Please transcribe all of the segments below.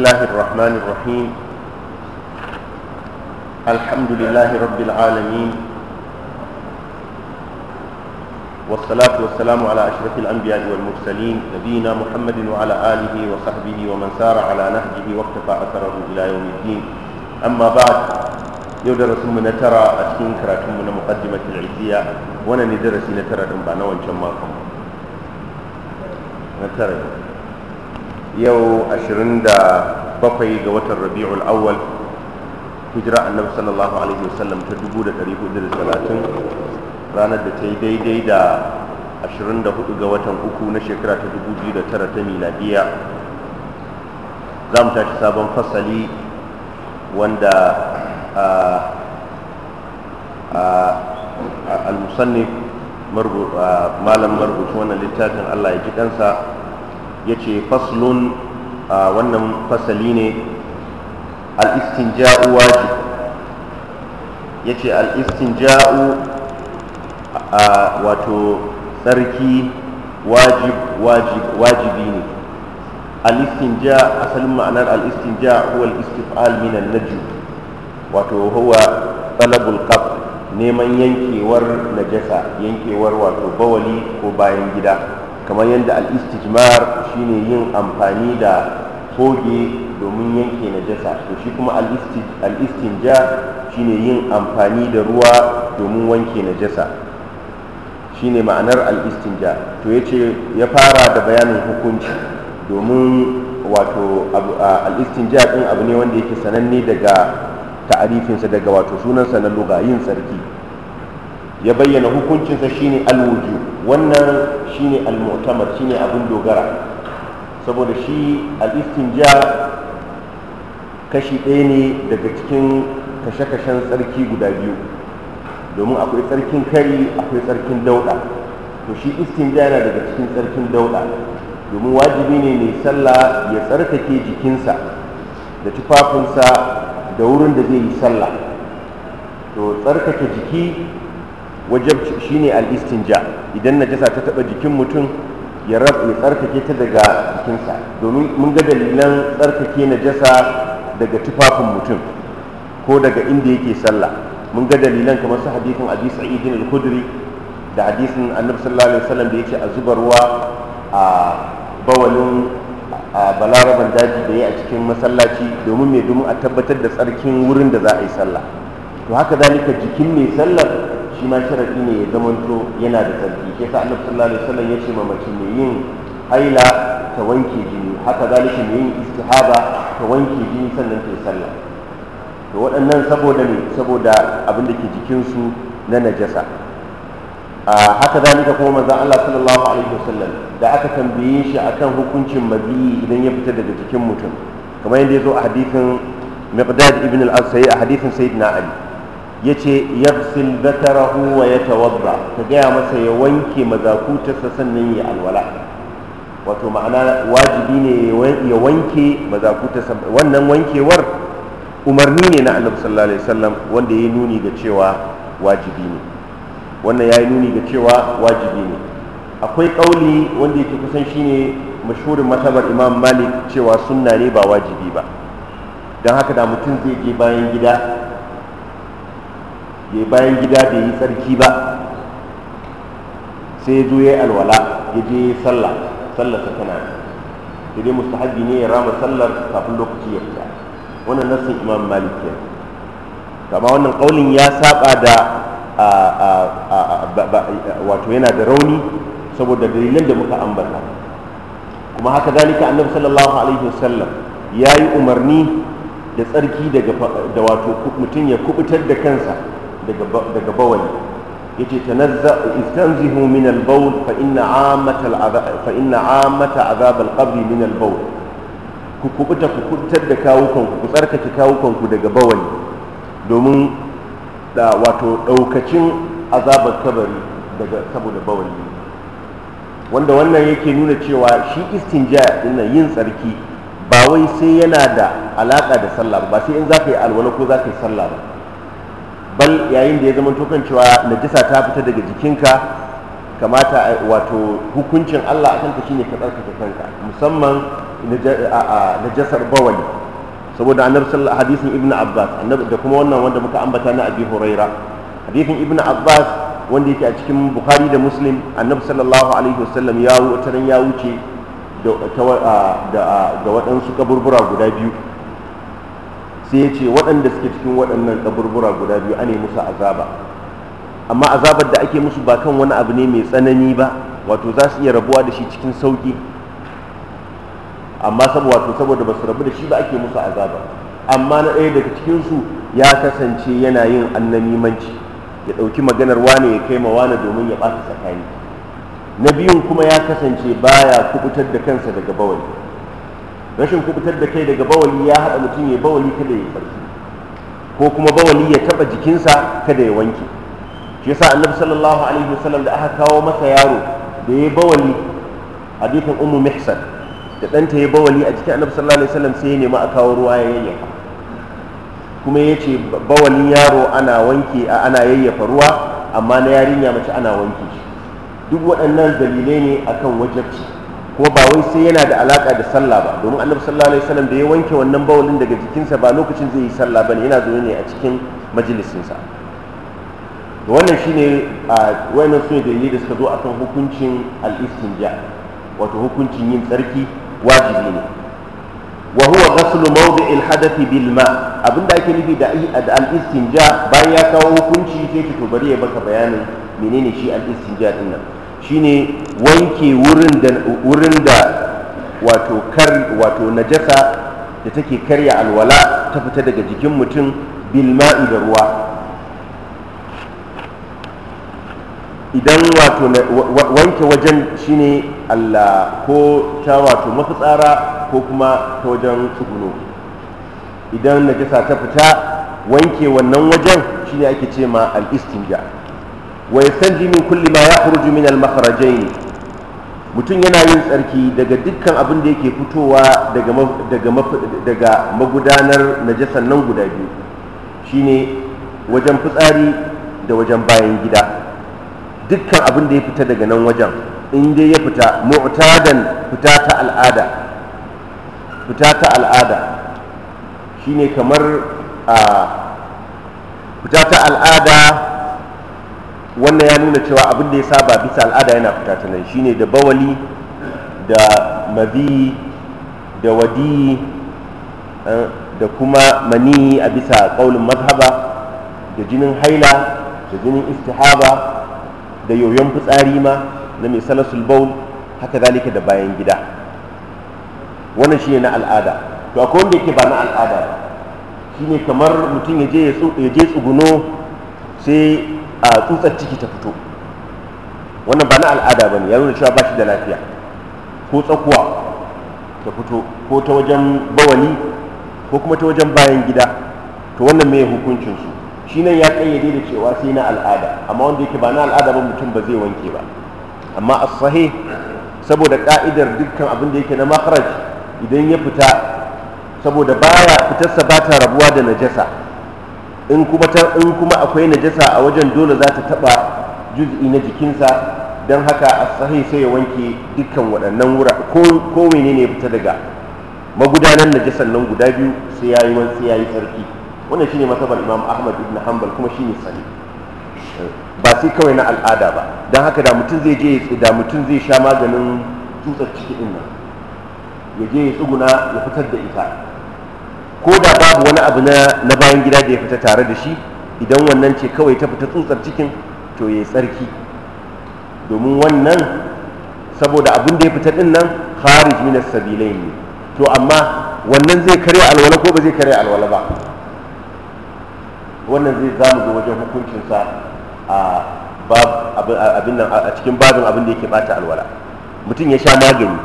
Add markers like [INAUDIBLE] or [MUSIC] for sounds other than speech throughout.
الله الرحمن الرحيم الحمد لله رب العالمين والصلاة والسلام على أشرف الأنبياء والمرسلين نبينا محمد وعلى آله وصحبه ومن سار على نهجه واقتفى أثره إلى يوم الدين أما بعد يودر ثم نترى أسكن من مقدمة العزية وأنا ندرس نترى دنبانا وانشمالكم نترى دنبانا yau 27 ga watan rabi'ul awwal hijira annabi sallallahu alaihi wasallam ta 1430 ranar da ta yi daidai da 24 ga watan uku na shekara ta 2009 ta miladiya za mu tashi sabon fasali wanda al-musannif malam marubuta wannan littafin Allah ya ji kansa ya ce faslun wannan fasali ne ja'u wajib ya ce a wato tsarki wajib wajib wajibi ne al'istinja asalin ma'anar al'istinja huwa al'istifal min al-najib wato huwa talabul qab neman yankewar najasa yankewar wato bawali ko bayan gida kamar yadda al shi shine yin amfani da toge domin yanke najasa to shi kuma al-istinja shine yin amfani da ruwa domin wanke najasa shine ma'anar al-istinja to yace ya fara da bayanin hukunci domin wato al-istinja abu ne wanda yake sananne daga ta'arifinsa daga wato sunansa na luga yin tsarki ya bayyana hukuncinsa shine alwuju wannan shine almu'tamar shine abin dogara saboda shi al'istinja kashi ɗaya ne daga cikin kashe-kashen tsarki guda biyu domin akwai tsarkin kari akwai tsarkin dauɗa to shi istinja yana daga cikin tsarkin dauɗa domin wajibi ne mai sallah ya tsarkake jikinsa da tufafinsa da wurin da zai yi sallah to tsarkake jiki wajabci shine al-istinja idan najasa ta taba jikin mutum ya rabu ya tsarkake ta daga jikinsa domin mun ga dalilan tsarkake najasa daga tufafin mutum ko daga inda yake sallah mun ga dalilan kamar su hadithin abi sa'id al-khudri da hadisin annabi sallallahu alaihi wasallam da yake a zubarwa a bawalin a balaraban daji da ya a cikin masallaci domin mai domin a tabbatar da tsarkin wurin da za a yi sallah to haka zalika jikin mai sallar shi ma sharadi ne ya zamanto yana da tsarki shi sa annabi sallallahu alaihi wasallam ya ce ma mace mai yin haila ta wanke jini haka zalika mai yin istihaba ta wanke jini sannan ta yi sallah to waɗannan saboda ne saboda abin da ke jikinsu na najasa haka zalika kuma manzon Allah sallallahu alaihi wasallam da aka tambaye shi akan hukuncin mabi idan ya fita daga jikin mutum kamar yadda ya zo a hadisin miqdad ibn al-asai a hadisin sayyidina ali ya ce yafsil zakarahu wa ya tawadda ka gaya masa ya wanke mazakutarsa sannan ya alwala wato ma'ana wajibi ne ya wanke mazakutarsa wannan wankewar umarni ne na annabi sallallahu alaihi wasallam wanda ya nuni ga cewa wajibi ne wannan ya yi nuni ga cewa wajibi ne akwai kauli wanda yake kusan shine mashhurin matabar imam malik cewa sunna ne ba wajibi ba don haka da mutum zai je bayan gida ya bayan gida bai yi tsarki ba sai ya zo ya yi alwala ya je sallah sallar ta tana sai dai mustahabi ne ya rama sallar kafin lokaci ya fita wannan nassin imam malik ke amma wannan kaulin ya saba da wato yana da rauni saboda dalilan da muka ambata kuma haka zalika annabi sallallahu alaihi wasallam ya yi umarni da tsarki daga da wato mutum ya kubutar da kansa daga bawali yace tanazza istanzihu min al-bawl fa inna amata al-adab fa inna amata adab al-qabr min al-bawl ku kubuta ku kuntar da kawukanku ku tsarkake kawukanku ku daga bawali domin da wato daukacin azabar kabari daga saboda bawali wanda wannan yake nuna cewa shi istinja dinnan yin tsarki ba wai sai yana da alaka da sallah ba sai in zaka yi alwala ko zaka yi sallah ba bal yayin da ya zama tokan cewa najisa ta fita daga jikinka kamata wato hukuncin Allah akan ka shine ka tsarkake kanka musamman najasar bawali saboda annabi sallallahu hadisin ibnu abbas annabi da kuma wannan wanda muka ambata na abi huraira hadisin ibnu abbas wanda yake a cikin bukhari da muslim annabi sallallahu alaihi wasallam ya wuce ya wuce da waɗansu kaburbura guda biyu sai ya ce waɗanda suke cikin waɗannan kaburbura guda biyu ane musu azaba amma azabar da ake musu ba kan wani abu ne mai tsanani ba wato za su iya rabuwa da shi cikin sauƙi amma saboda saboda ba su rabu da shi ba ake musu azaba amma na ɗaya daga cikinsu ya kasance yana yin annamimanci ya ɗauki maganar wane ya kai ma wane domin ya ɓata tsakani na biyun kuma ya kasance baya kubutar da kansa daga bawali rashin kubutar da kai daga bawali ya haɗa mutum ya bawali kada ya barci ko kuma bawali ya taɓa jikinsa kada ya wanke shi yasa annabi sallallahu alaihi wasallam da aka kawo masa yaro da ya bawali hadithin ummu mihsan da ɗanta ya bawali a jikin annabi sallallahu alaihi wasallam sai ya nemi a kawo ruwa ya yayyafa kuma ya ce bawalin yaro ana wanke ana yayyafa ruwa amma na yarinya mace ana wanke shi duk waɗannan dalilai ne akan wajabci kuma ba wai sai yana da alaka da sallah ba domin annabi sallallahu alaihi wasallam da ya wanke wannan bawulin daga jikinsa ba lokacin zai yi sallah bane yana zo ne a cikin majalisinsa to wannan shine a wayannan da da suka zo akan hukuncin al-istinja wato hukuncin yin tsarki wajibi ne wa huwa ghaslu mawdi' al-hadath bil ma abinda ake nufi da al-istinja bayan ya kawo hukunci sai ki to bari ya baka bayanin menene shi al-istinja din nan shine wanke wurin da wurin wato kar wato najasa da take karya alwala ta fita daga jikin mutum bilma'i da ruwa idan wato wanke wajen shine allah ko ta wato mafitsara ko kuma ta wajen tsuguno idan najasa ta fita wanke wannan wajen shine ake ce ma al-istinja wa yastanji min kulli ma yakhruju min al-makhrajayn mutum yana yin tsarki daga dukkan abin da yake fitowa daga daga daga magudanar najasan nan guda biyu shine wajen fitsari da wajen bayan gida dukkan abin da ya fita daga nan wajen in dai ya fita mu'tadan fita ta al'ada fita ta al'ada shine kamar a fita ta al'ada wannan ya nuna cewa abin da ya saba bisa al'ada yana fita ta nan shine da bawali da mabi da wadi eh, da kuma mani a bisa ƙaunin mazhaba da jinin haila da jinin istihaba da yoyon fitsari ma na mai salasul baul haka zalika da bayan gida wannan shine na al'ada to akwai wanda yake ba na al'ada shine kamar mutum ya je tsuguno sai a tsutsar ciki ta fito wannan ba na al'ada ba ne ya nuna cewa ba shi da lafiya ko tsakuwa ta fito ko ta wajen bawani ko kuma ta wajen bayan gida to wannan mai hukuncinsu shi nan ya kayyade da cewa sai na al'ada amma wanda yake ba na al'ada ba mutum ba zai wanke ba amma a sahi saboda ka'idar dukkan abin da yake na makaraj idan ya fita saboda baya fitarsa ba ta rabuwa da najasa in kuma in kuma akwai najasa a wajen dole za ta taba juz'i na jikinsa don haka a sahi sai ya wanke dukkan waɗannan wura ko ne ya fita daga magudanan najasan nan guda biyu sai ya yi wani ya yi sarki wannan shine masabar imam ahmad ibn hanbal kuma shine sani ba sai kawai na al'ada ba don haka da mutum zai je da mutum zai sha maganin tsutsar ciki din nan ya je ya tsuguna ya fitar da ita ko da babu wani abu na bayan gida da ya fita tare da shi idan wannan ce kawai ta fita tsutsar cikin to ya yi tsarki domin wannan saboda abin da ya fita din nan kharij minas sabilai ne to amma wannan zai karya alwala ko ba zai karya alwala ba wannan zai zamu zo wajen hukuncinsa a abin a cikin babin abin da yake bata alwala mutum ya sha magani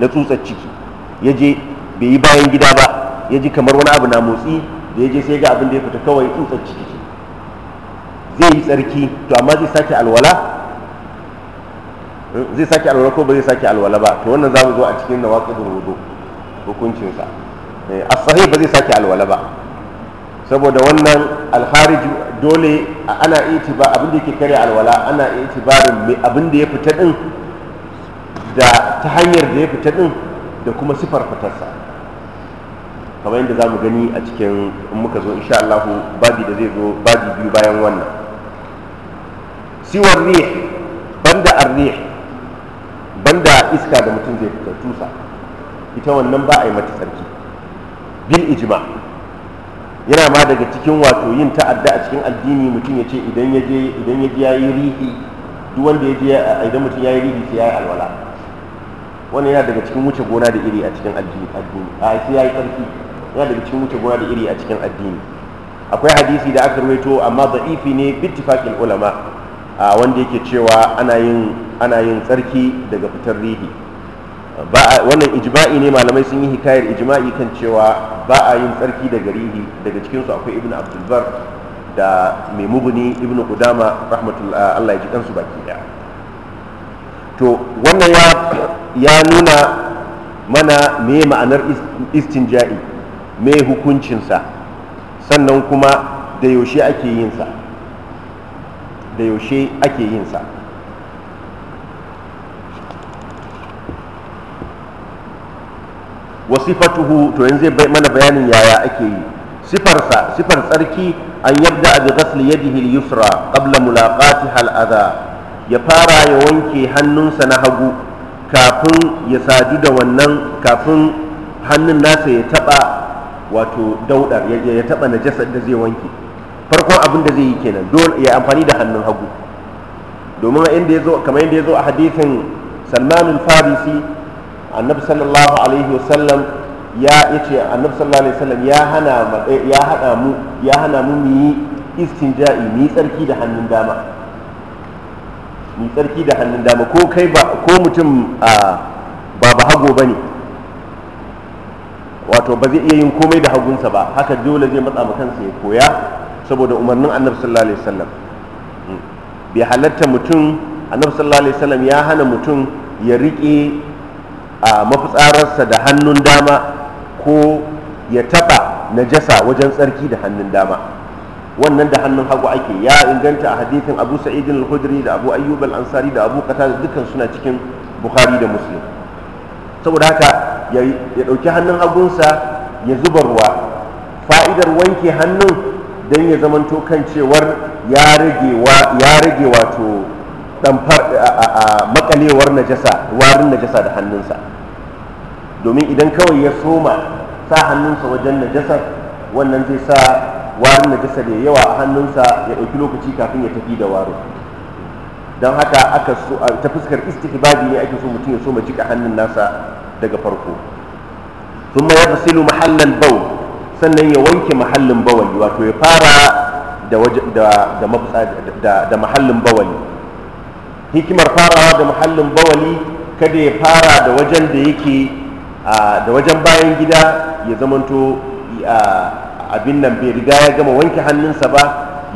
na tsutsar ciki ya je bai yi bayan gida ba ya ji kamar wani abu na motsi da ya je sai ga abin da ya fita kawai tsutsar ciki ce zai yi tsarki to amma zai sake alwala hmm, zai sake alwala ko ba zai sake alwala ba to wannan za mu zo a cikin da wudu hukuncinsa eh, a sahih ba zai sake alwala ba saboda wannan alhariji dole ana ba abin da yake kare alwala ana itibarin abin da ya fita din da ta hanyar da ya fita din da kuma sifar fitarsa kamar yadda za mu gani a cikin muka zo insha Allah babi da zai zo babi biyu bayan wannan siwar rih banda arrih banda iska da mutum zai fita tusa ita wannan ba a yi mata sarki. bil ijma yana ma daga cikin wato yin ta'adda a cikin addini mutum ya ce idan ya je idan ya ji yayi rihi duk wanda ya je idan mutum yayi rihi sai yayi alwala wannan yana daga cikin wuce gona da iri a cikin addini a sai yayi sarki yana daga cikin wuce gona da iri a cikin addini akwai hadisi da aka rawaito amma da'ifi ne bittifakin ulama a wanda yake cewa ana yin tsarki daga fitar rihi wannan ijma'i ne malamai sun yi hikayar ijima'i kan cewa ba a yin tsarki daga rihi daga cikin akwai ibnu abdulbar da mai mubuni ibnu qudama rahmatullah Allah ya ji kansu baki daya to wannan ya nuna mana me ma'anar istinja'i Mai hukuncinsa sannan kuma da yaushe ake yinsa da yaushe ake yinsa wasifatuhu to yanzu zai mana bayanin yaya ake yi sifarsa sifar tsarki an yabda bi gasli yadihi yusra qabla mulaqati hal adha ya fara ya wanke hannunsa na hagu kafin ya sadu da wannan kafin hannun nasa ya taba wato daudar ya taba jasa da zai wanke farkon abin da zai yi kenan dole ya amfani da hannun hagu domin inda ya zo kamar yadda ya zo a hadithin salman farisi annabi sallallahu alaihi wasallam ya yace annabi sallallahu alaihi wasallam ya hana eh, ya hada mu ya hana mu mu yi istinja'i ni tsarki da hannun dama ni tsarki da hannun dama ko kai ba ko mutum ah, ba ba hago bane wato ba zai iya yin komai da hagunsa ba haka dole zai matsa ma kansa ya koya saboda umarnin annabi sallallahu alaihi wasallam hmm. bai halatta mutum annabi sallallahu alaihi wasallam ya hana mutum ya riƙe a mafitsararsa da hannun dama ko ya taɓa najasa wajen tsarki da hannun dama wannan da hannun hagu ake ya inganta a hadithin abu sa'idin al-khudri da abu ayyub al-ansari da abu qatada dukkan suna cikin bukhari da muslim saboda haka ya ɗauki hannun hagunsa ya zuba ruwa fa'idar wanke hannun don ya zamanto kan cewar ya rage wato makalewar najasa warin najasa da hannunsa domin idan kawai ya soma sa hannunsa wajen najasar wannan zai sa warin najasa da yawa a hannunsa ya ɗauki lokaci kafin ya tafi da waro don haka aka ta fuskar istihbabi ne ake so mutum ya soma jika hannun nasa daga farko ya fasilu mahallal bau sannan ya wanke mahallin bawali wato ya fara da mahallin bawali hikimar farawa da mahallin bawali kada ya fara da wajen da yake da wajen bayan gida ya zamanto abin nan bai riga ya gama wanke hannunsa ba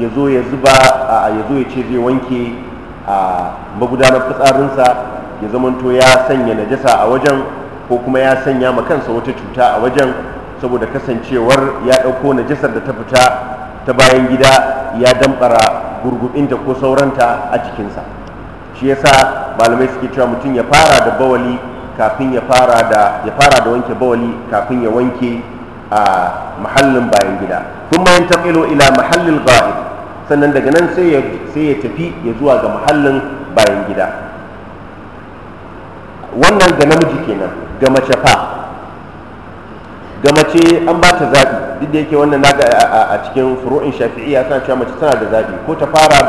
ya zo ya zuba ya zo ya ce zai wanke a magudanar fitsarinsa ya zamanto ya sanya najasa a wajen ko kuma ya sanya ma kansa wata cuta a wajen saboda kasancewar ya ɗauko najasar da ta fita ta bayan gida ya damɓara gurgubinta ko sauranta a cikinsa shi yasa malamai suke cewa mutum ya fara da bawali kafin ya fara da wanke bawali kafin ya wanke a mahallin bayan gida kuma yan taqilu ila mahallil ghaib sannan daga nan sai ya tafi ya zuwa ga mahallin bayan gida wannan da namiji kenan ga mace ga mace an ba ta zaɓi duk da yake wannan naga a cikin furu'in shafi'iyya suna cewa mace tana da zaɓi ko ta fara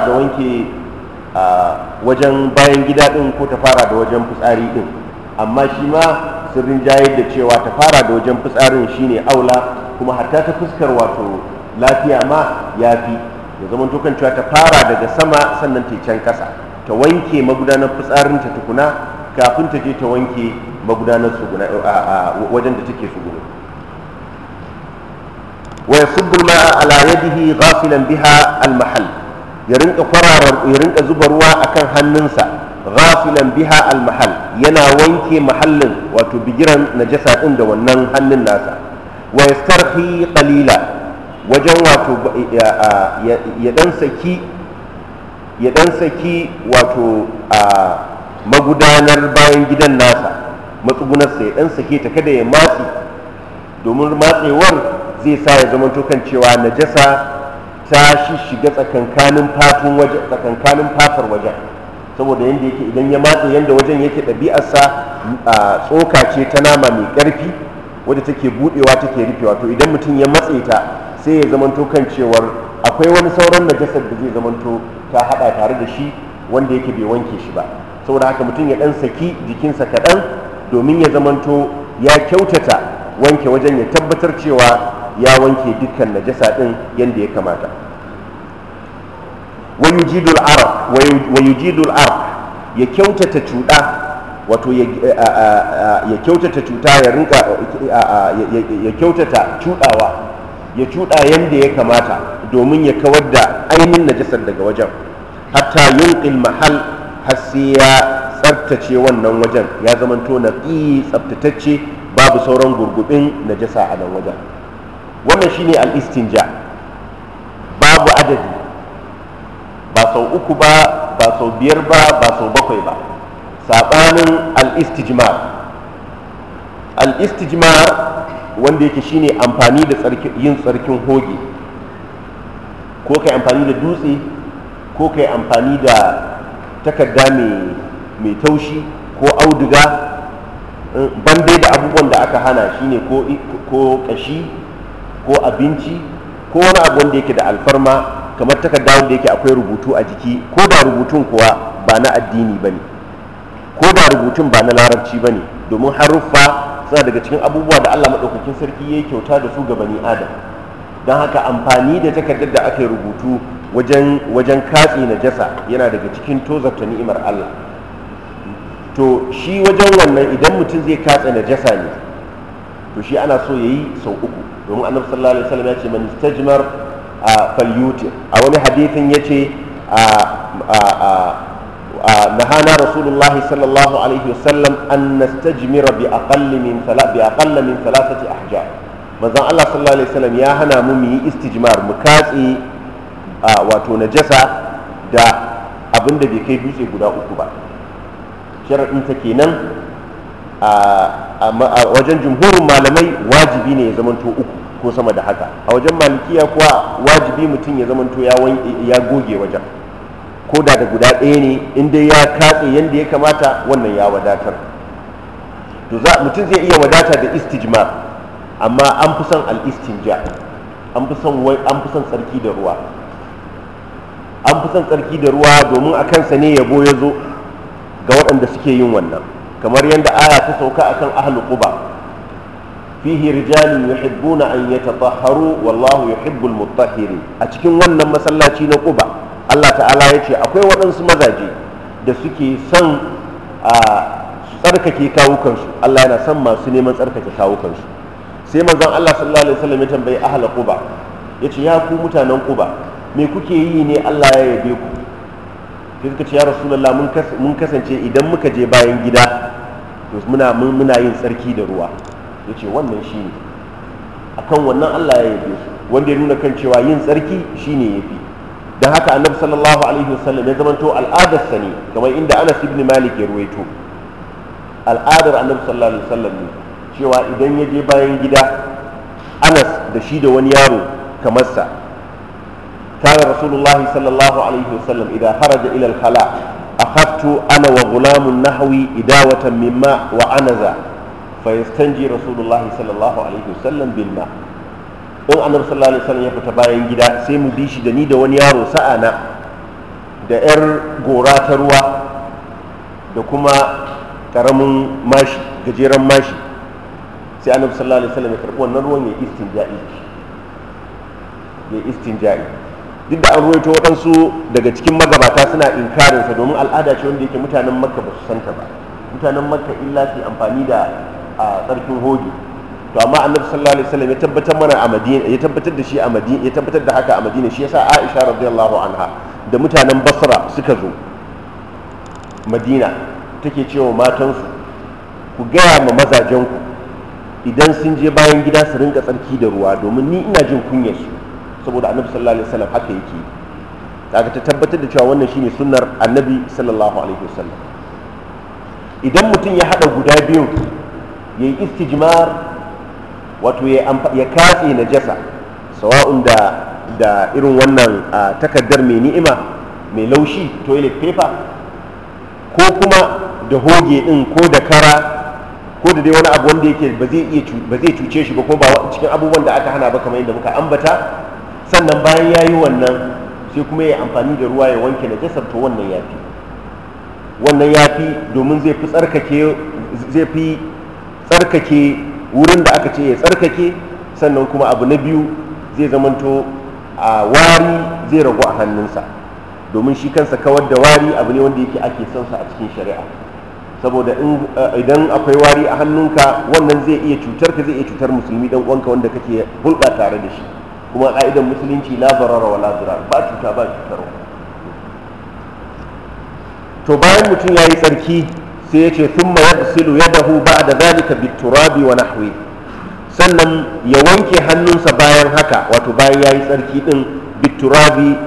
da wanke wajen bayan gida ɗin ko ta fara da wajen fitsari ɗin amma shi ma sirrin jayar da cewa ta fara da wajen fitsarin shine aula kuma hatta ta fuskar wato lafiya ma ya fi ya zama tukan ta fara daga sama sannan ta can ƙasa ta wanke magudanar fitsarinta tukuna kafin ta je ta wanke magudanar suguna a wajen da take suguna wa yasubbu ma ala yadihi ghasilan biha al mahall ya rinka ya rinka zuba ruwa akan hannunsa rafilan biha al mahall yana wanke mahallin wato bigiran najasa din da wannan hannun nasa wa yastarhi qalila wajen wato ya dan saki ya dan saki wato a magudanar bayan gidan nasa matsugunarsa ya dan sake ta kada ya matsi domin matsewar zai sa ya zama kan cewa najasa ta shiga tsakankanin fatun waje tsakankanin fatar wajen saboda yadda yake idan ya matse yadda wajen yake ɗabi'arsa a tsoka ce ta nama mai ƙarfi wadda take buɗewa take rufe wato. idan mutum ya matse ta sai ya zama kan cewar akwai wani sauran najasar da zai zamanto ta haɗa tare da shi wanda yake bai wanke shi ba saboda haka mutum ya ɗan saki jikinsa kaɗan domin ya zamanto ya kyautata wanke wajen ya tabbatar cewa ya wanke dukkan najasa ɗin yadda ya kamata wa yujidul arq ya kyautata ya kyautata cuta ya rinka ya kyautata cudawa ya cuɗa yadda ya kamata domin ya kawar da ainihin najasar daga wajen hatta yin mahal har sai ya tsabtace wannan wajen ya zamanto na tsabtatacce babu sauran gurgubin najasa a nan wajen wannan shine al ja, babu adadi ba sau uku ba ba sau biyar ba ba sau bakwai ba saɓanin al-istijmar wanda yake shine amfani da yin tsarkin hoge ko kai amfani da dutse ko kai amfani da takarda mai taushi ko auduga eh, bandai da abubuwan da aka hana shine ko kashi ko abinci ko wani abu wanda yake da alfarma kamar takarda wanda yake akwai rubutu a jiki ko da rubutun kuwa ba na addini ba ne ko da rubutun ba na larabci ba ne domin haruffa suna daga cikin abubuwa da Allah maɗaukakin sarki ya yi kyauta da su ga bani adam don haka amfani da takardar da aka yi rubutu wajen wajen na jasa yana daga cikin tozarta ni'imar Allah to shi wajen wannan idan mutum zai katse jasa ne to shi ana so ya yi sau uku domin annabi sallallahu alaihi wasallam ya ce man istajmar a wani hadithin ce a نهانا رسول الله صلى الله عليه وسلم أن نستجمر بأقل من بأقل من ثلاثة أحجار manzon Allah sallallahu alaihi wasallam ya hana mu mu istijmar mu katse wato najasa da abinda bai kai dutse guda uku ba sharaɗin ta kenan a wajen jumhurin malamai wajibi ne ya zamanto uku ko sama da haka a wajen malikiya kuwa wajibi mutum ya zamanto ya goge wajen ko da da guda ɗaya ne in dai ya katse yadda ya kamata wannan ya wadatar to mutum zai iya wadata da istijma amma an fi son al'istinja an fi son an fi son tsarki da ruwa an fi son tsarki da ruwa domin a kansa ne yabo ya zo ga waɗanda suke yin wannan kamar yadda aya ta sauka akan ahlu quba fihi rijalun yuhibbuna an yatatahharu wallahu yuhibbul mutahhirin a cikin wannan masallaci na quba Allah ta'ala ya ce akwai waɗansu mazaje da suke son a tsarkake kawukansu Allah yana son masu neman tsarkake kawukansu sai manzon Allah sallallahu alaihi wasallam ya tambayi ahla quba ce ya ku mutanen quba me kuke yi ne Allah ya yabe ku sai suka ce ya rasulullah mun kasance idan muka je bayan gida to muna muna yin tsarki da ruwa Ya ce wannan shine akan wannan Allah ya yabe su wanda ya nuna kan cewa yin tsarki shine yafi don haka annabi sallallahu alaihi wasallam ya zamanto al'adar sani kamar inda anas ibn malik ya ruwaito al'adar annabi sallallahu alaihi wasallam ne cewa idan ya je bayan gida anas da shi da wani yaro kamar sa kana rasulullahi sallallahu alaihi wasallam idan haraja ila al-khala akhaftu ana wa ghulamun nahwi idawatan mimma wa anaza fayastanji rasulullahi sallallahu alaihi wasallam bil ma' in annabi sallallahu alaihi ya fita bayan gida sai mu bi shi da ni da wani yaro sa'a na da yar gora ta ruwa da kuma karamin mashi gajeren mashi sai annabi sallallahu alaihi wasallam ya karbi wannan ruwan ya istinja'i ya istinja'i duk da an ruwaito waɗansu daga cikin magabata suna inkarinsa domin al'ada ce wanda yake mutanen makka ba su santa ba mutanen makka illa su amfani da a tsarkin hoji to amma annabi sallallahu alaihi wasallam ya tabbatar mana a madina ya tabbatar da shi a madina ya tabbatar da haka a madina shi yasa aisha radiyallahu anha da mutanen basra suka zo madina take cewa matansu ku gaya ma mazajen ku idan sun je bayan gida su rinka tsarki da ruwa domin ni ina jin kunyar su saboda annabi sallallahu alaihi wasallam haka yake kaga ta tabbatar da cewa wannan shine sunnar annabi sallallahu alaihi wasallam idan mutum ya hada guda biyu yayi istijmar wato ya katse najasa sawa'un da da irin wannan takardar mai ni'ima mai laushi toilet paper ko kuma da hoge din ko da kara ko da dai wani abu wanda yake ba zai cuce shi ba ko ba cikin abubuwan da aka hana ba kamar yadda muka ambata sannan bayan ya yi wannan sai kuma ya amfani da ruwa ya wanke jasar to wannan ya fi wannan ya fi domin zai fi tsarkake wurin da aka ce ya tsarkake sannan kuma abu na biyu zai zamanto a wari zai ragu a hannunsa domin shi kansa kawar da wari abu ne wanda yake ake son sa a cikin shari'a saboda eh, idan akwai wari a hannunka wannan zai iya cutar ka zai iya cutar musulmi dan uwanka wanda kake hulɗa tare da shi kuma ka'idan musulunci la barara wala zarar ba cuta ba cutarwa to bayan mutum ya yi tsarki sai ya ce ya dahu ba da zalika biturabi wa nahwi sannan ya wanke hannunsa bayan haka wato bayan yi tsarki din biturabi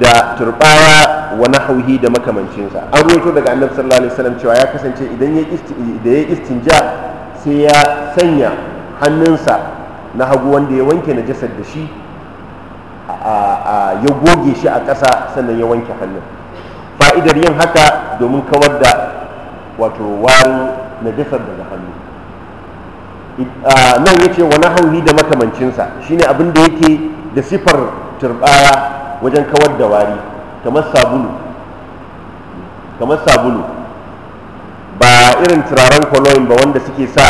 da turbaya wa nahwihi da makamancinsa an ruwaito daga annabi sallallahu alaihi wasallam cewa ya kasance idan ya da ya istinja sai ya sanya hannunsa na hagu wanda ya wanke na jasad da shi ya goge shi a ƙasa sannan ya wanke hannun fa'idar yin haka domin kawar da wato wari na najasar daga hannu nan ya ce wani hauhi da makamancinsa shine abin da yake da sifar turbaya wajen kawar da wari kamar sabulu kamar sabulu ba irin turaren kwaloyin ba wanda suke sa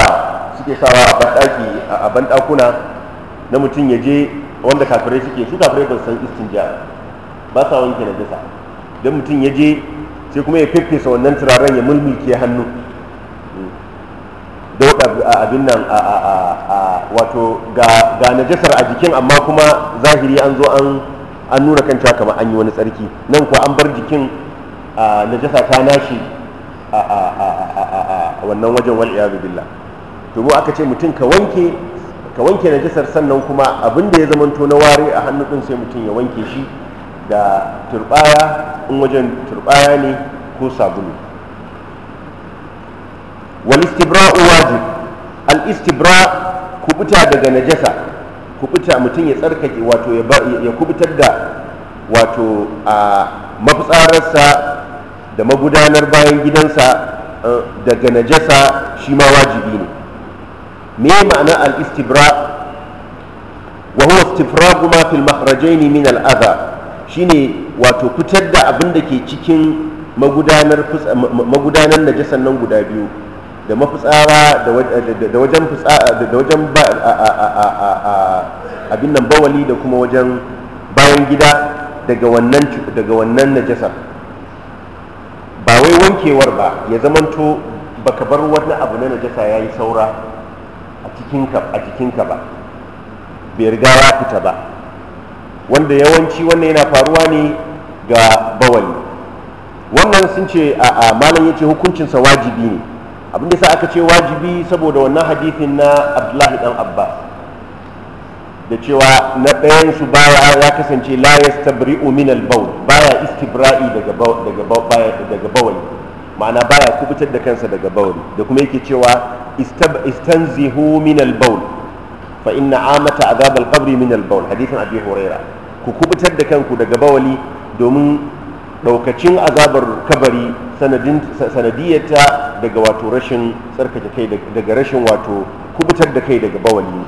suke a bandaki bandakuna na mutum ya je wanda kafirai suke su kafirai ban san istinja ba sa wanke na najasa don mutum ya je sai kuma ya fefesa wannan turaren ya mulmulke hannu hmm. dauka abin nan a wato ga najasar a jikin amma kuma zahiri an zo an nuna kan cewa kamar an yi wani tsarki nan kuwa an bar jikin najasa ta nashi a wannan wajen wal'iyadu billah to mu aka ce mutum ka wanke ka najasar sannan kuma abin da ya zamanto na ware a hannu ɗin sai mutum ya wanke shi da turbaya in wajen turbaya ne ko sabulu wal istibra'u wajib al istibra kubuta daga najasa kubuta mutum ya tsarkake wato ya kubutar da wato a mafitsararsa da magudanar bayan gidansa eh, daga najasa shi ma wajibi ne me ma'ana al istibra wa huwa istifragu ma fil mahrajaini min al shine wato fitar da abin da ke cikin magudanar na najasan nan guda biyu da mafitsara da wajen abin nan bawali da kuma wajen bayan gida daga wannan daga wannan ba wai wankewar ba ya zamanto baka bar wani abu na najasa yayi saura a a cikinka ba bai riga ya fita ba wanda yawanci wannan yana faruwa ne ga bawali wannan sun ce a malam ya ce hukuncinsa wajibi ne abinda sa aka ce wajibi saboda wannan hadithin na abdullahi dan abbas da cewa na ɗayansu baya ya kasance la yastabri'u min al baya istibra'i daga daga bawali ma'ana baya kubutar da kansa daga bawali da kuma yake cewa istanzihu min bawl fa inna amata azab al-qabri min al-bawl hadithin abi hurairah ku kubutar da kanku daga bawali domin daukacin azabar kabari sanadiyyata daga wato rashin tsarkake kai daga rashin wato kubutar da kai daga bawali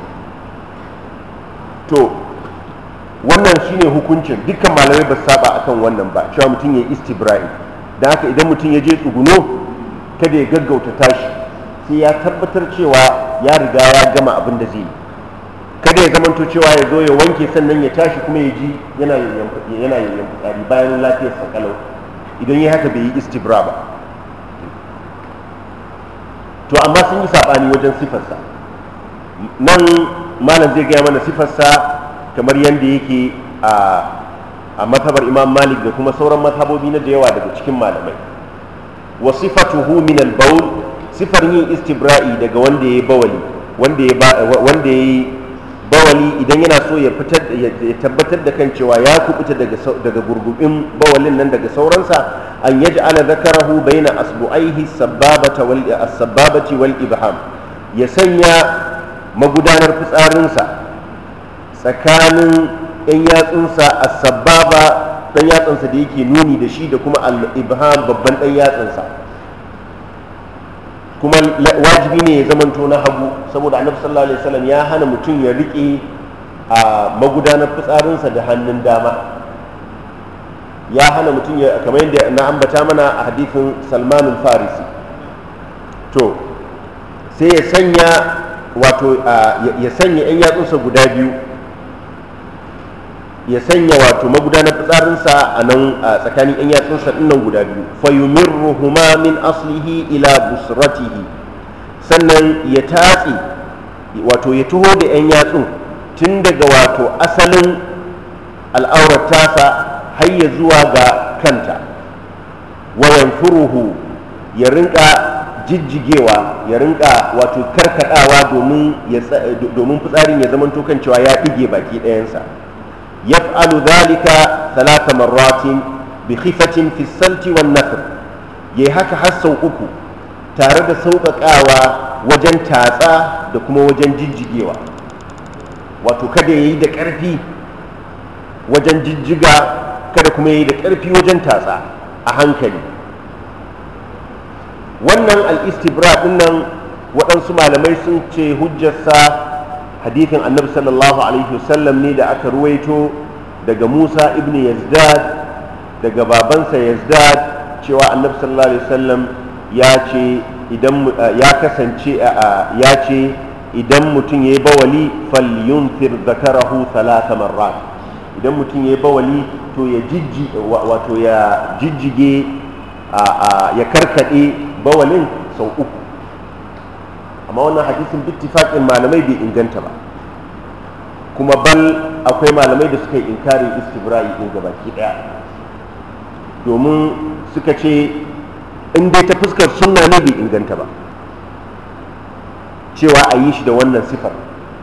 to wannan shine hukuncin dukkan malamai ba saba akan wannan ba cewa mutum ya istibra'i da haka idan mutum ya je tsuguno kada ya gaggauta tashi sai ya tabbatar cewa ya riga ya gama abin da zai yi kada ya zamanto cewa ya zo ya wanke sannan ya tashi kuma ya ji yana yayyan fitsari bayan lafiyar sakalau idan ya haka bai yi istibra ba to amma sun yi saɓani wajen sifarsa nan malam zai gaya mana sifarsa kamar yadda yake a matabar imam malik da kuma sauran matabobi na da yawa daga cikin malamai wa sifatuhu min al-bawl sifar yin istibra'i daga wanda ya bawali wanda ya bawali idan yana so ya fitar tabbatar da kan cewa ya kubuta daga daga gurgubin bawalin nan daga sauransa an yaji dhakarahu baina asbu'aihi sababata wal as wal ibham ya sanya magudanar fitsarinsa tsakanin ɗan yatsunsa a sababa ɗan yatsunsa da yake nuni da shi da kuma al-ibham babban ɗan yatsunsa kuma wajibi ne ya zamanto na hagu saboda annabi sallallahu alaihi wasallam ya hana mutum ya riƙe a magudanar fitsarinsa da hannun dama ya hana mutum ya kamar yadda na ambata mana a hadithin salmanin farisi to sai ya sanya wato ya sanya 'yan yatsunsa guda biyu ya sanya wato magudanar fitsarinsa a nan a tsakanin yan yatsunsa dinnan guda biyu fayumirruhuma min aslihi ila busratihi sannan ya tatsi wato ya tuho da yan yatsun tun daga wato asalin al'aurar tasa har ya zuwa ga kanta wayan furuhu ya rinka jijjigewa ya rinka wato karkadawa domin fitsarin ya zamanto kan cewa ya ɗige baki ɗayansa yaf'alu dhalika thalatha marratin bi khifatin fi salti wan nafr yayi haka har sau uku tare da sauƙaƙawa wajen tatsa da kuma wajen jijjigewa wato kada yayi da ƙarfi wajen jijjiga kada kuma yayi da ƙarfi wajen tatsa a hankali wannan al-istibra waɗansu malamai sun ce hujjarsa hadithin annabi sallallahu alaihi wasallam ne da aka ruwaito daga musa ibn yazdad daga babansa yazdad cewa annabi sallallahu alaihi wasallam ya ce idan eh, ya kasance eh, eh, ya ce idan mutum ya yi bawali falyunfir zakarahu thalatha marrat idan mutum ya yi bawali to ya jijji wato ya jijjige ah, ah, ya karkade bawalin sau uku amma wannan hadisin bittifaqin malamai bai inganta ba kuma bal akwai malamai da suka yi inkarin istibra'i din baki daya domin suka ce in dai ta fuskar sunna ne bai inganta ba cewa a yi shi da wannan sifar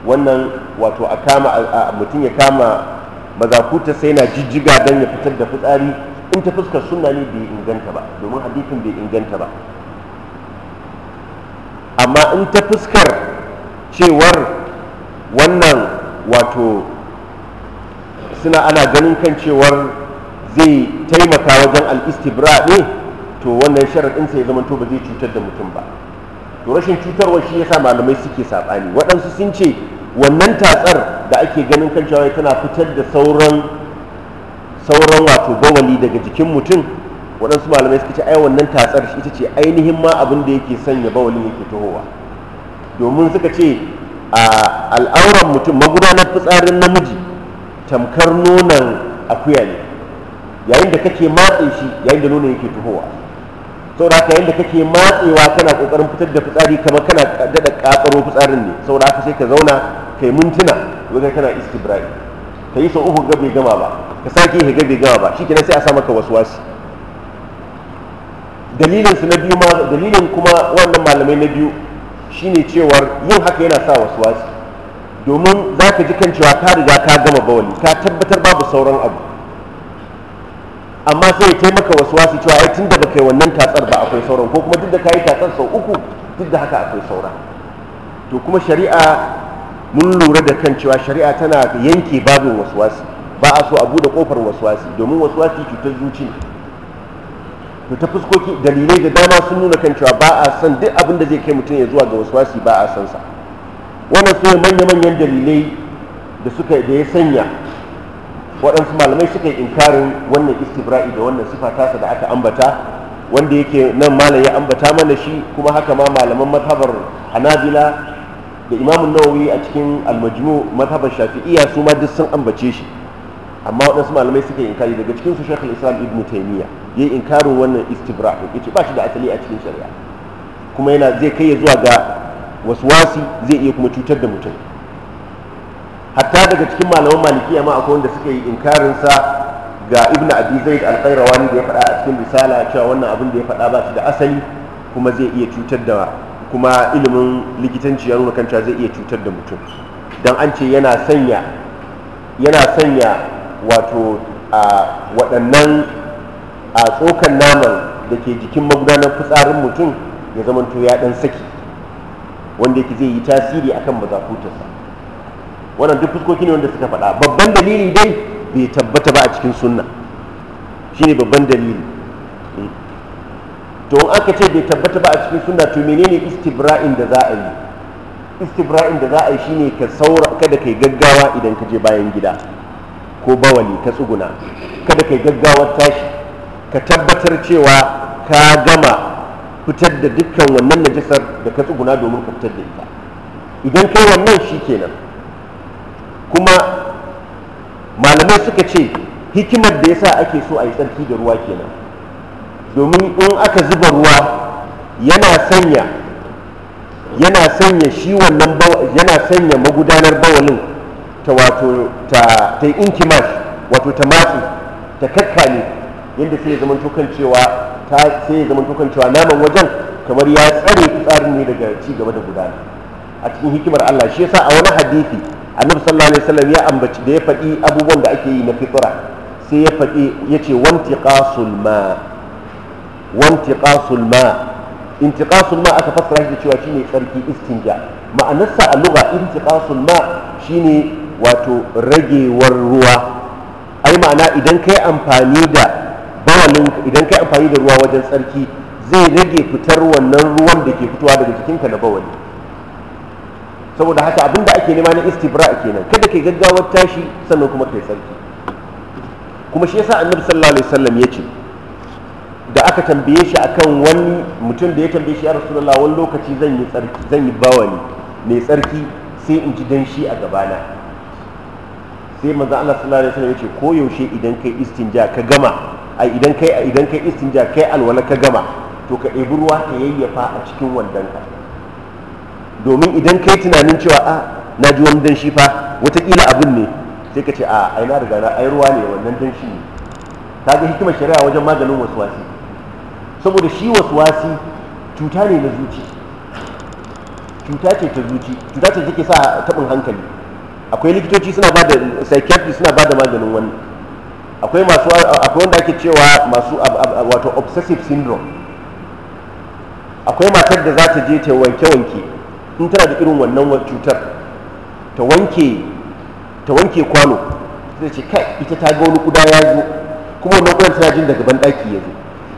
wannan wato a kama mutum ya kama mazakuta sai na jijjiga don ya fitar da fitsari in ta fuskar sunna ne bai inganta ba domin hadisin bai inganta ba amma in ta fuskar cewar wannan wato suna ana ganin kan cewar zai taimaka wajen al'istibra ne to wannan sharaɗinsa ya zama to ba zai cutar da mutum ba to rashin cutarwa shi yasa malamai suke saɓani waɗansu sun ce wannan tatsar da ake ganin kan cewa tana fitar da sauran sauran wato bawali daga jikin mutum waɗansu malamai suka ce ai wannan tatsar ita ce ainihin ma abin da yake sanya bawalin yake tohowa domin suka ce a al'auran mutum magudanar fitsarin namiji tamkar nonon akuya ne yayin da kake matse shi yayin da nonon yake tohowa da aka yayin da kake matsewa kana kokarin fitar da fitsari kamar kana dada kakaro fitsarin ne saboda aka sai ka zauna kai mintuna wajen kana istibrai ka yi sau uku ga bai gama ba ka sake ga bai gama ba shi shikenan sai a sa maka wasi. Dalilinsu na biyu ma dalilin kuma wannan malamai na biyu shine cewar yin haka yana sa wasu wasu domin za ka ji kan cewa ka riga ka gama bawali ka tabbatar babu sauran abu amma sai ya taimaka wasu wasu cewa ai tun da kai wannan tatsar ba akwai sauran ko kuma duk da ka yi tatsar sau uku duk da haka akwai saura to kuma shari'a mun lura da kan cewa shari'a tana yanke babin wasu wasu ba a so a bude kofar wasu wasu domin wasu wasu cutar zuci ne to ta fuskoki dalilai da dama sun nuna kan cewa ba a san duk abin da zai kai mutum ya zuwa ga waswasi ba a san sa wannan su manya-manyan dalilai da suka da ya sanya waɗansu malamai suka yi inkarin wannan istibra'i da wannan sifa tasa da aka ambata wanda yake nan malam ya ambata mana shi kuma haka ma malaman mazhabar hanabila da imamun nawawi a cikin almajmu mazhabar shafi'iyya su ma duk sun ambace shi amma waɗansu malamai suka inkari daga cikin su shekul islam ibn taimiyya ya yi inkarin wannan istibrahu ya ce ba shi da asali a cikin shari'a kuma yana zai kai ya zuwa ga wasu wasi zai iya kuma cutar da mutum hatta daga cikin malaman maliki ma akwai wanda suka yi inkarin sa ga ibn abi zaid al da ya faɗa a cikin risala cewa wannan abin da ya faɗa ba shi da asali kuma zai iya cutar da kuma ilimin likitanci ya nuna kanta zai iya cutar da mutum dan an ce yana sanya yana sanya wato a waɗannan a tsokan naman da ke jikin magudanar fitsarin mutum ya zama to ya ɗan saki wanda yake zai yi tasiri akan mazakutarsa wannan duk fuskoki ne wanda suka faɗa babban dalili dai bai tabbata ba a cikin sunna shine babban dalili to in aka ce bai tabbata ba a cikin sunna to menene istibra'in da za a yi istibra'in da za a yi shine ka saura kada kai gaggawa idan ka je bayan gida ko bawali ta tsuguna kada kai gaggawar tashi ka tabbatar cewa ka gama fitar da dukkan wannan najasar da ka tsuguna domin ka fitar da ita idan kai wannan shi kenan kuma malamai suka ce hikimar da yasa ake so a yi tsarki da ruwa kenan domin in aka zuba ruwa yana sanya yana sanya shi wannan yana sanya magudanar bawalin ta wato ta ta wato ta matsi ta kakkane yadda sai ya zama tukan cewa ta sai ya tukan cewa naman wajen kamar ya tsare tsarin ne daga ci gaba da gudana a cikin hikimar Allah shi yasa a wani hadisi annabi sallallahu alaihi wasallam ya ambaci da ya faɗi abubuwan da ake yi na fitra sai ya faɗi ya ce wantiqasul ma wantiqasul ma intiqasul ma aka fassara shi da cewa shine tsarki istinja ma'anarsa a lugha intiqasul ma shine wato ragewar ruwa ai ma'ana idan ka yi amfani da bawalin idan ka amfani da ruwa wajen tsarki zai rage fitar wannan ruwan da ke fitowa daga jikinka na bawali saboda haka abin da ake nema na istibra kenan kada kai gaggawar tashi sannan kuma kai tsarki kuma shi yasa annabi sallallahu alaihi wasallam ya da aka tambaye shi akan wani mutum da ya tambaye shi ya rasulullah wani lokaci zan yi tsarki zan yi bawali mai tsarki sai in ji danshi a gabana sai manzo Allah sallallahu alaihi wasallam ce ko yaushe idan kai istinja ka gama ai idan kai idan kai istinja kai alwala ka gama to ka ɗebi ruwa ka yayyafa a cikin wandan ka domin idan kai tunanin cewa a ah, na ji wani danshi fa watakila abin ne sai ka ce a ah, ai na riga na ai ruwa ne wannan danshi ne ta ga hikimar shari'a wajen maganin wasi, saboda shi waswasi cuta ne na zuci cuta ce ta zuci cuta ce take sa taɓin hankali akwai likitoci suna ba da psychiatrist suna ba da maganin wani akwai masu akwai wanda ake cewa masu wato obsessive syndrome akwai matar da za ta je ta wanke-wanke in tana da irin wannan cutar ta wanke ta wanke kwano zai ce kai ita ta ga wani kuda ya zo kuma wannan kudan tana jin daga banɗaki ya zo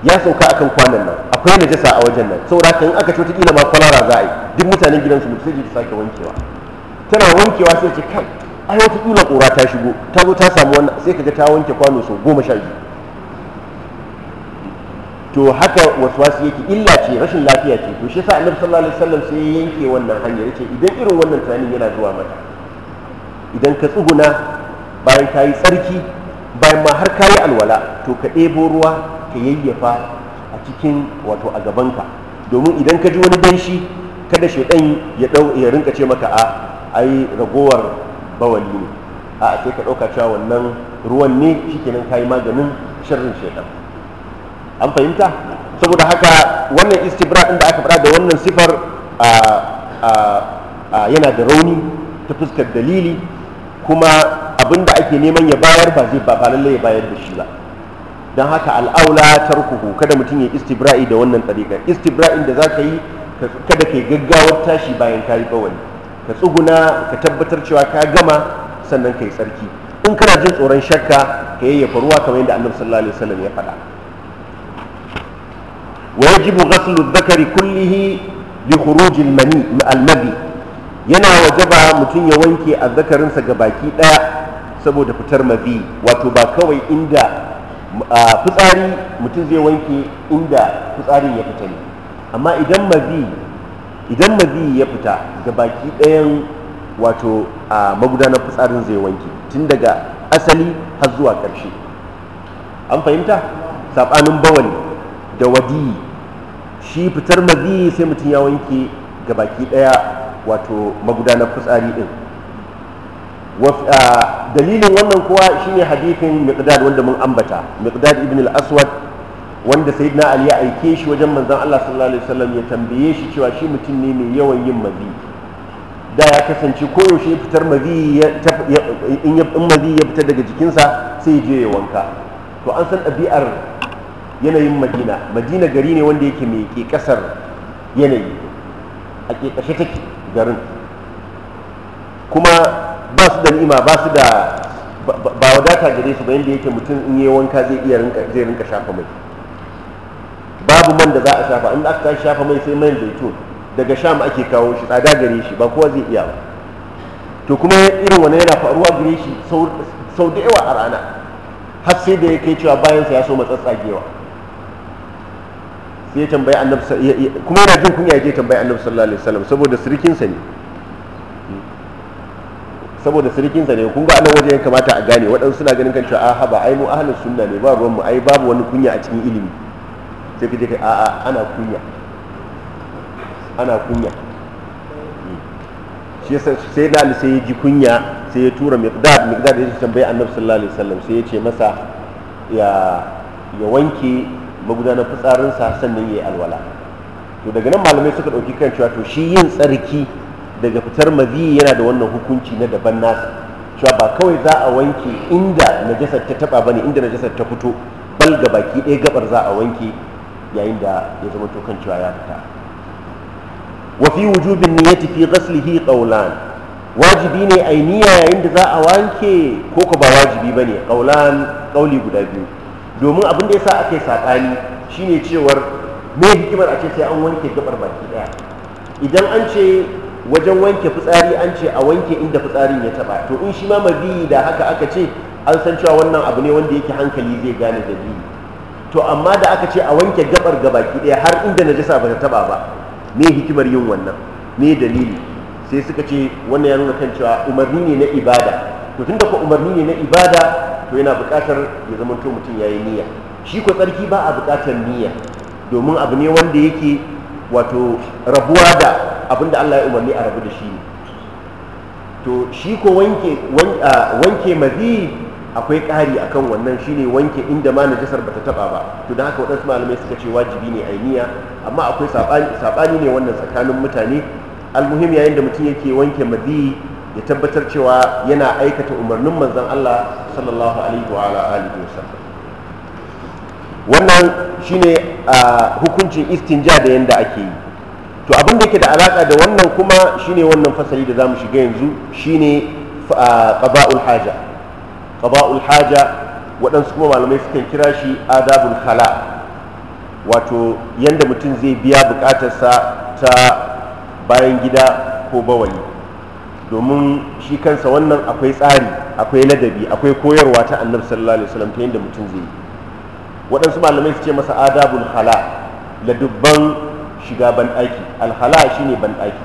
ya sauka akan kwanan nan akwai najasa a wajen nan saboda haka in aka ce wata kila ma kwalara za a yi duk mutanen gidansu mutum sai ta sake wankewa tana wankewa sai ce kai ai wata kila kura ta shigo ta zo ta samu wannan sai kaga ta wanke kwano sau goma sha biyu to haka waswasi yake illa ce rashin lafiya ce to shi yasa annabi sallallahu alaihi wasallam sai ya yanke wannan hanyar yace idan irin wannan tunanin yana zuwa mata idan ka tsuguna bayan ka yi tsarki bayan ma har ka yi alwala to ka ɗebo ruwa ka yayyafa a cikin wato a gabanka domin idan ka ji wani danshi kada shaidan ya rinka ce maka a ai ragowar bawali ne a sai ka ɗauka cewa wannan ruwan ne ka kayi maganin sharrin shaitan an fahimta saboda haka wannan istibra ɗin da aka faɗa da wannan sifar yana da rauni ta fuskar dalili kuma abin da ake neman ya bayar ba zai ba lallai ya bayar da shi ba don haka al'aula tarkuhu kada mutum ya istibra'i da wannan tsarika istibra'in da za ka yi kada ka yi gaggawar tashi bayan ka yi bawani ka tsuguna ka tabbatar cewa ka gama sannan ka yi tsarki in kana jin tsoron shakka ka yi yayyafa ruwa kamar yadda annabi sallallahu alaihi wasallam ya faɗa wa yajibu ghaslu dhakari kullihi bi khuruj al-mani al-mabi yana wajaba mutum ya wanke azzakarinsa ga baki daya saboda fitar mabi wato ba kawai inda fitsari mutum zai wanke inda fitsarin ya fita ne amma idan mabi idan mabi ya fita ga baki ɗayan wato a magudanar fitsarin zai wanke tun daga asali har zuwa ƙarshe an fahimta saɓanin bawal da wadi shi fitar mabi sai mutum ya wanke ga baki ɗaya wato magudanar fitsari ɗin dalilin wannan kuwa shine hadithin miqdad wanda mun ambata miqdad ibn al-aswad wanda sayyidina ali ya aike shi wajen manzan Allah sallallahu alaihi wasallam ya tambaye shi cewa shi mutum ne mai yawan yin mazi da ya kasance koyaushe fitar mazi in mazi ya fita daga jikinsa sai je ya wanka to an san ɗabi'ar yanayin madina madina gari ne wanda yake mai ke kasar yanayi a ke kashe take garin kuma ba su da ni'ima ba su da ba wadata gare su ba yadda yake mutum in yi wanka zai iya rinka shafa mai babu man da za a shafa inda aka shafa mai sai man zaitun daga sham ake kawo shi tsada gare shi ba kowa zai iya ba to kuma irin wani yana faruwa gare shi sau da yawa a rana har sai da ya kai cewa bayansa ya so matsatsagewa sai ya tambayi annabi kuma yana jin kunya ya je tambayi annabi sallallahu alaihi wasallam saboda sirikinsa ne saboda sa ne kun ga anan waje ya kamata a gane waɗansu suna ganin kan cewa a haba ai mu ahlus sunna ne ba ruwan mu ai babu wani kunya a cikin ilimi sai ka je a'a ana kunya ana kunya sai da sai ya ji kunya sai ya tura miqdad miqdad ya tambaye annabi sallallahu alaihi wasallam sai ya ce masa ya wanke magudanar fitsarinsa sannan ya yi alwala to daga nan malamai suka ɗauki kan cewa to shi yin tsarki daga fitar maziyi yana da wannan hukunci na daban nasa cewa ba kawai za a wanke inda najasar ta taba bane inda najasar ta fito bal ga baki ɗaya gabar za a wanke yayin da ya zama tokan cewa ya fita wa fi wujubin niyyati fi ghaslihi qawlan wajibi ne ai niyya yayin da za a wanke ko ko ba wajibi bane qawlan qawli guda biyu domin abin da yasa aka sakani shine cewar me hikimar a ce sai an wanke gabar baki daya idan an ce wajen wanke fitsari an ce a wanke inda fitsarin ya taba to in shi ma mabiyi da haka aka ce an san cewa wannan abu ne wanda yake hankali zai gane dalili to amma da aka ce a wanke gabar baki ɗaya har inda najasa ba ta taba ba me hikimar yin wannan me dalili sai suka ce wannan ya nuna kan cewa umarni ne na ibada to tunda ko umarni ne na ibada to yana buƙatar ya zama to mutum yayi niyya shi ko tsarki ba a buƙatar niyya domin abu ne wanda yake wato rabuwa da abin da Allah ya umarni a rabu da shi to shi ko wanke wanke mazi akwai ƙari a kan wannan shine wanke inda ma najasar bata taɓa ba to da haka waɗansu malamai suka ce wajibi ne a ainiya amma akwai saɓani ne wannan tsakanin mutane almuhim yayin da mutum yake wanke madi ya tabbatar cewa yana aikata umarnin manzon Allah sallallahu alaihi wa alihi sallam wannan shine hukuncin istinja da yanda ake yi to abin da yake da alaka da wannan kuma shine wannan fasali da za mu shiga yanzu shine qada'ul haja qada'ul haja waɗansu kuma malamai sukan kira shi adabul khala wato yanda mutum zai biya buƙatarsa ta bayan gida ko bawali domin shi kansa wannan akwai tsari akwai ladabi akwai koyarwa ta annabi sallallahu alaihi wasallam ta yanda mutum zai yi waɗansu malamai su ce masa adabul hala dubban shiga banɗaki alhala shine banɗaki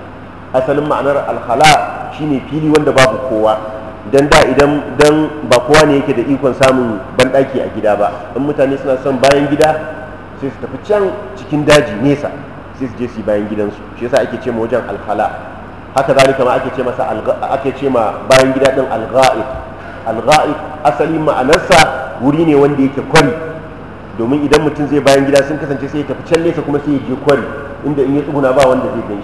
asalin ma'anar alhala shine fili wanda babu kowa dan da idan dan ba kowa ne yake da ikon samun banɗaki a gida ba in mutane suna son bayan gida sai su tafi can cikin daji nesa sai su je su bayan gidansu shi yasa ake ce ma wajen alhala haka zalika ma ake ce masa ake ce bayan gida din alghaib alghaib asalin ma'anarsa wuri ne wanda yake kwari domin idan mutum zai bayan gida sun kasance sai ya tafi can nesa kuma sai ya je kwari inda in ya tsuguna ba wanda zai gan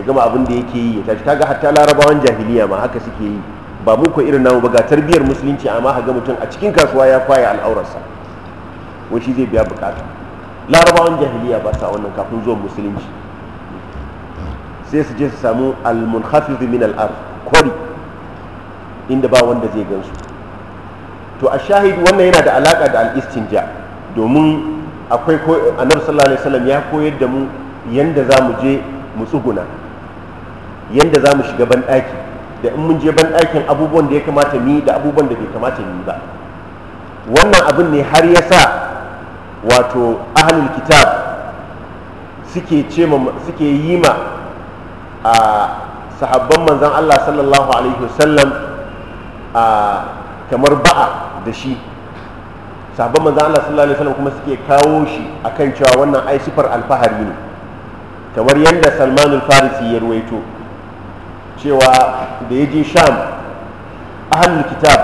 ya gama abin da yake yi ya tashi kaga hatta larabawan jahiliya ma haka suke yi ba mu ko irin namu ba ga tarbiyar musulunci amma ga mutum a cikin kasuwa ya kwaye al'aurarsa wai shi zai biya bukata larabawan jahiliya ba sa wannan kafin zuwan musulunci sai su je su samu al-munhafiz min al-ard kwari inda ba wanda zai gansu to a shahid wannan yana da alaka da al-istinja domin akwai ko annabi sallallahu alaihi wasallam ya koyar da mu yanda za mu je mu tsuguna yanda za mu shiga ban ɗaki da in mun je ban ɗakin abubuwan da ya kamata ni da abubuwan da bai kamata ni ba wannan abin ne har ya sa wato ahlul kitab suke ce suke yi ma a sahabban manzan Allah sallallahu alaihi wasallam a kamar ba'a da shi sahabban manzan Allah sallallahu alaihi wasallam kuma suke kawo shi akan cewa wannan ai sifar alfahari ne kamar yadda Salman farisi ya ruwaito cewa da ya je sham ahlul kitab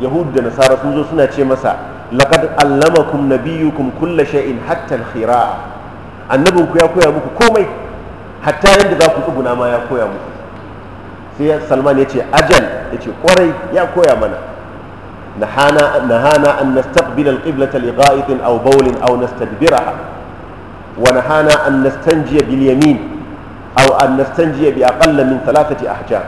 yahud da nasara sun zo suna ce masa laqad allamakum nabiyyukum kulla shay'in hatta al-khira'a annabinku ya koya muku komai hatta yadda za ku tsuguna ma ya koya muku sai salman ya ce ajal ya ce kwarai ya koya mana nahana an nastaqbil al-qiblat li gha'itin aw bawlin aw nastadbiraha wa nahana an nastanjiya bil yamin aw an nastanjiya bi aqalla min talatati ahjar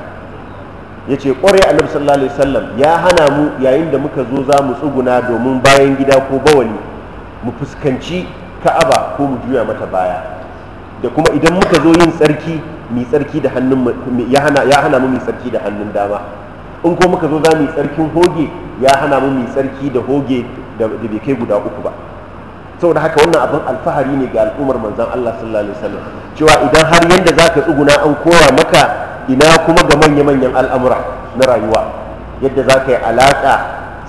yace kware annabi sallallahu alaihi wasallam ya hana mu yayin da muka zo za mu tsuguna domin bayan gida ko bawali mu fuskanci ka'aba ko mu juya mata baya da kuma idan muka zo yin tsarki mu tsarki da hannun ya hana ya hana mu mu tsarki da hannun dama in ko muka zo za mu tsarkin hoge ya hana mu mu tsarki da hoge da bai kai guda uku ba saboda haka wannan abin alfahari ne ga al'ummar manzan Allah sallallahu alaihi wasallam cewa idan har yanda zaka tsuguna an koya maka ina kuma ga manya-manyan al'amura na rayuwa yadda za ka yi alaƙa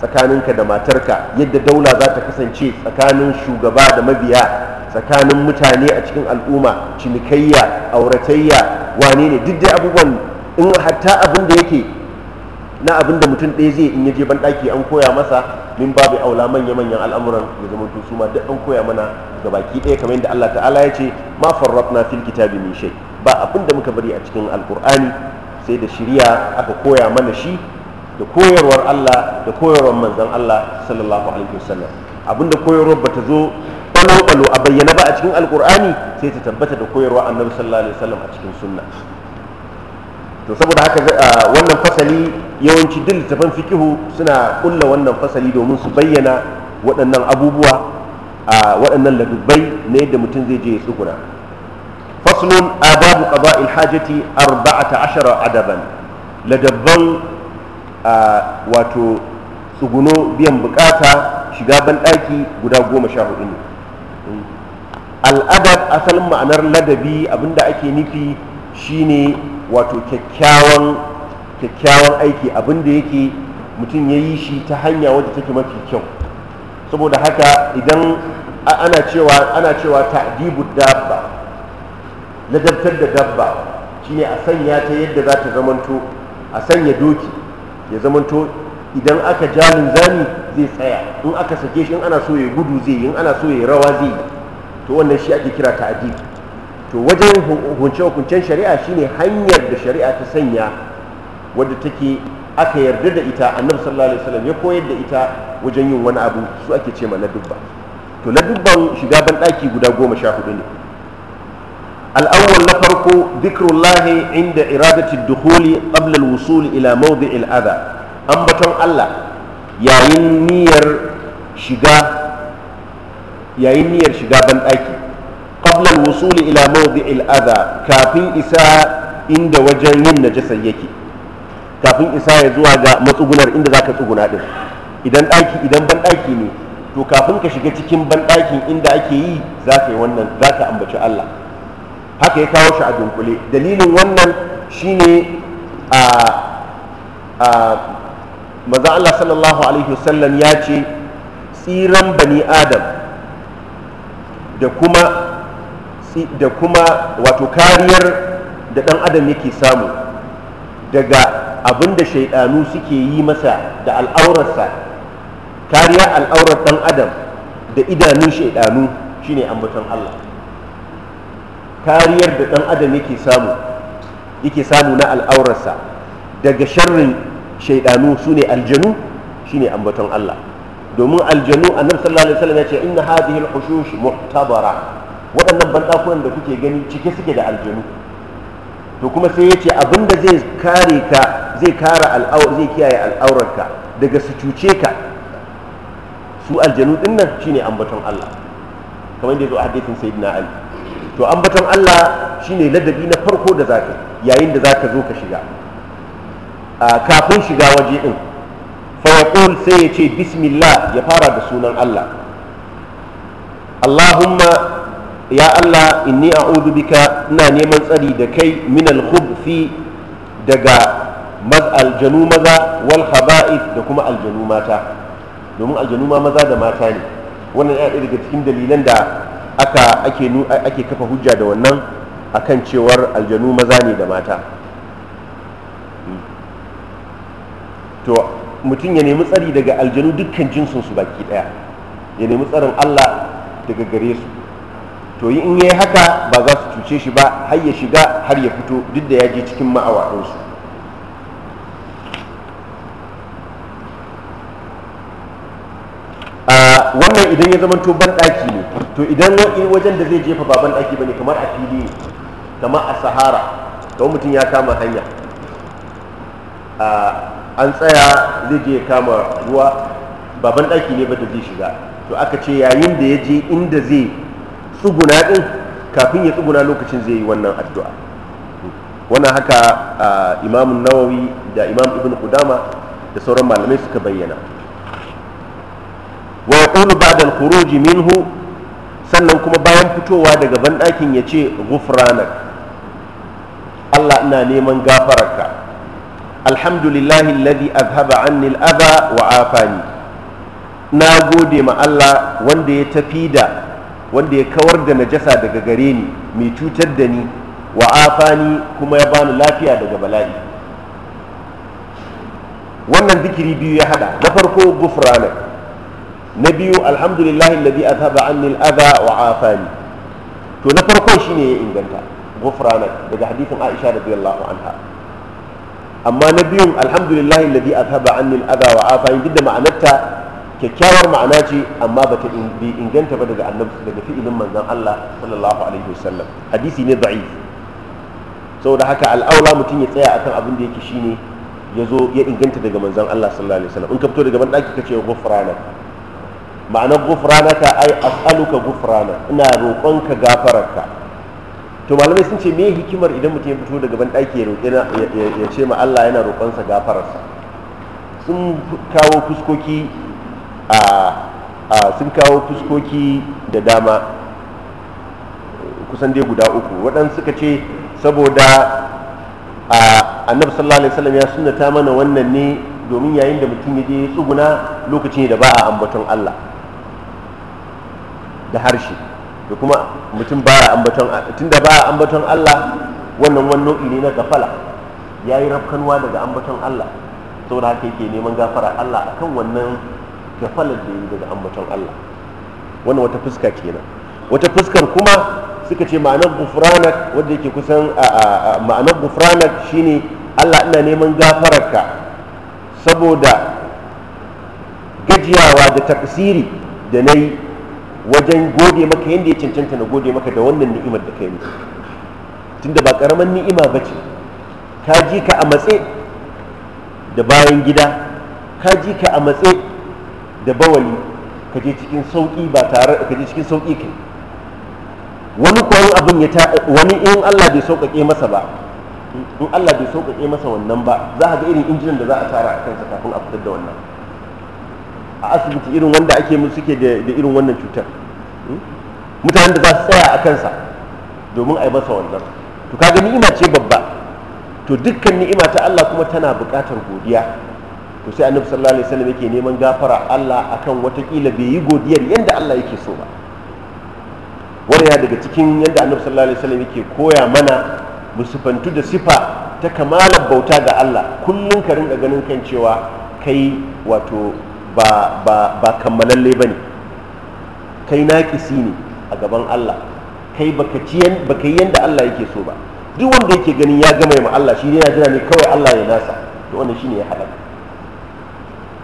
tsakaninka da matarka yadda daula za ta kasance tsakanin shugaba da mabiya tsakanin mutane a cikin al'umma cinikayya auratayya wane ne duk dai abubuwan in hatta abin da yake na abin da mutum ɗaya zai in yaje banɗaki an koya masa min babu aula manya-manyan al'amuran ya zama to su ma duk an koya mana ga baki ɗaya kamar yadda Allah ta'ala ya ce ma farrafna fil kitabi min shay ba abin da muka bari a cikin alqur'ani sai da shiriya aka koya mana shi da koyarwar Allah da koyarwar manzon Allah sallallahu alaihi wasallam da koyarwar bata zo balo-balo a bayyana ba a cikin alqur'ani sai ta tabbata da koyarwar annabi sallallahu alaihi wasallam a cikin sunna to saboda haka wannan fasali yawanci duk littafan fikihu suna kulla wannan fasali domin su bayyana waɗannan abubuwa a waɗannan ladubai na yadda mutum zai je ya tsuguna faslun adabu qada'il hajati arba'ata ashara adaban ladabban wato tsuguno biyan bukata shiga ban banɗaki guda goma sha hudu ne al'adab asalin ma'anar ladabi abinda ake nufi shine wato kyakkyawan kyakkyawan aiki abin da yake mutum ya yi shi ta hanya wadda take mafi kyau saboda haka idan ana cewa ana cewa ta'dibu dabba ladabtar da dabba shine a sanya ta yadda za ta zamanto a sanya doki ya zamanto idan aka ja zani zai tsaya in aka sake shi in ana so ya gudu zai yi in ana so ya rawa zai yi to wannan shi ake kira ta'dib to wajen hukunce-hukuncen shari'a shine hanyar da shari'a ta sanya wadda take aka yarda da ita annabi sallallahu alaihi wasallam ya koyar da ita wajen yin wani abu su ake ce ma ladubba to ladubban shiga ban daki guda goma sha hudu ne al'awwal na farko dhikrullahi inda iradati dukhuli qabla al-wusul ila mawdi' al-adha ambaton Allah yayin niyyar shiga yayin niyyar shiga ban daki qabla al-wusul ila mawdi'il adha kafin isa inda wajen yin najasa yake kafin isa ya zuwa ga matsugunar inda zaka tsuguna din idan ban daki ne to kafin ka shiga cikin ban dakin inda ake yi zaka yi wannan zaka ambaci Allah haka ya kawo shi a dunkule dalilin wannan shine a a maza Allah sallallahu alaihi wasallam ya ce tsiran bani adam da kuma da kuma wato kariyar da ɗan adam yake samu daga abin da shaidanu suke yi masa da al'aurarsa kariyar al'aurar ɗan adam da idanun shaidanu shine ambaton Allah kariyar da ɗan adam yake samu yake samu na al'aurarsa daga sharrin shaidanu su ne aljanu shine ambaton Allah domin aljanu annabi sallallahu alaihi wasallam ya ce inna hadhihi al-hushush muhtabara waɗannan banɗakunan da kuke gani cike suke da aljanu to kuma sai ya ce abinda zai kare ka zai kare al'aur zai kiyaye al'aurarka daga su cuce ka su aljanu din nan shine ambaton Allah kamar da zo a hadisin sayyidina Ali to ambaton Allah shine ladabi na farko da zaka yayin da zaka zo ka shiga kafin shiga waje din fa yaqul sai ya ce bismillah ya fara da sunan Allah Allahumma ya Allah inni a'udhu bika ina neman tsari da kai min al daga aljanu maza wal khaba'ith da kuma aljanu mata domin aljanu ma maza da mata ne wannan ya daga cikin dalilan da aka ake ake kafa hujja da wannan akan cewar aljanu maza ne da mata hmm. to mutum ya nemi tsari daga aljanu dukkan jinsinsu baki daya ya nemi tsarin Allah daga gare su to in yi haka ba za su cuce shi ba har ya shiga har ya fito duk da ya je cikin a wannan idan ya zama to banɗaki ne to idan wajen da zai jefa ba banɗaki ba ne kamar a fili kamar a sahara kawai mutum ya kama hanya an tsaya zai je ya kama ruwa ba banɗaki ne ba da zai shiga to aka ce yayin da ya je inda zai tsuguna ɗin kafin ya tsuguna lokacin zai yi wannan addu'a wannan haka imamun nawawi da imam ibn kudama da sauran malamai suka bayyana wa yaqulu ba'da al-khuruj minhu sannan kuma bayan fitowa daga banɗakin ya ce gufranak Allah ina neman gafararka alhamdulillahi alladhi azhaba anni al-adha wa afani na gode ma Allah wanda ya tafi da wanda ya kawar da najasa daga gare ni mai cutar da ni wa afani kuma ya bani lafiya daga bala'i wannan zikiri biyu ya hada na farko gufrana na biyu alhamdulillahi alladhi athaba anni al-adha wa afani to na farko shine ya inganta gufrana daga hadithin Aisha radiyallahu anha amma na biyun alhamdulillahi alladhi athaba anni al-adha wa afani duk da ma'anarta kyakkyawar ma'ana ce amma ba ta inganta ba daga annabi daga fi'ilin manzon Allah sallallahu alaihi wasallam hadisi ne da'if saboda haka al'aula mutum ya tsaya akan abin da yake shine ya zo ya inganta daga manzon Allah sallallahu alaihi wasallam in ka fito daga bandaki ka ce gufrana ma'anar gufrana ta ai as'aluka gufrana ina roƙonka gafararka to malamai sun ce me hikimar idan mutum ya fito daga daki ya roƙe ya ce ma Allah yana roƙonsa gafararsa sun kawo fuskoki a sun kawo fuskoki da dama kusan dai guda uku waɗansu suka ce saboda annabi sallallahu alaihi wasallam ya sunnata mana wannan ne domin yayin da mutum ya je tsuguna lokacin da ba a ambaton Allah da harshe da kuma mutum ba a ambaton tunda ba a ambaton Allah wannan wani nau'i ne na gafala ya yi rafkanwa daga ambaton Allah saboda haka yake neman gafara Allah akan wannan falar da yi daga ambaton Allah wannan wata fuska kenan wata fuskar kuma suka ce ma'anar gufranak wanda yake kusan ma'anar gufranak shine Allah ina neman gafararka saboda gajiyawa da taksiri da na yi wajen gode maka yadda ya cancanta na gode maka da wannan ni'imar da ka yi tunda ba karamin ni'ima ba ce ka ji ka a matse da bayan gida ka ji ka a matse da bawali ka je cikin sauki ba tare ka je cikin sauki kai wani koyon abin ya ta wani in Allah bai sauƙaƙe masa ba in Allah bai sauƙaƙe masa wannan ba za ka ga irin injinan da za a tara a kansa kafin a fitar da wannan a asibiti irin wanda ake musu suke da irin wannan cutar hmm? mutanen da za su tsaya a kansa domin a yi masa wannan to kaga ni'ima ce babba to dukkan ni'ima ta Allah kuma tana buƙatar godiya to sai annabi sallallahu alaihi wasallam yake neman gafara Allah akan watakila bai yi godiyar yadda Allah yake so ba wani ya daga cikin yadda annabi sallallahu alaihi wasallam yake koya mana musufantu da sifa ta kamalar bauta ga Allah kullum ka rinka ganin kan cewa kai wato ba ba ba kammalalle bane kai naƙisi ne a gaban Allah kai baka ci baka yi yanda Allah yake so ba duk wanda yake ganin ya gama ma Allah shi ne yana jira ne kawai Allah ya nasa to wannan shine ya halaka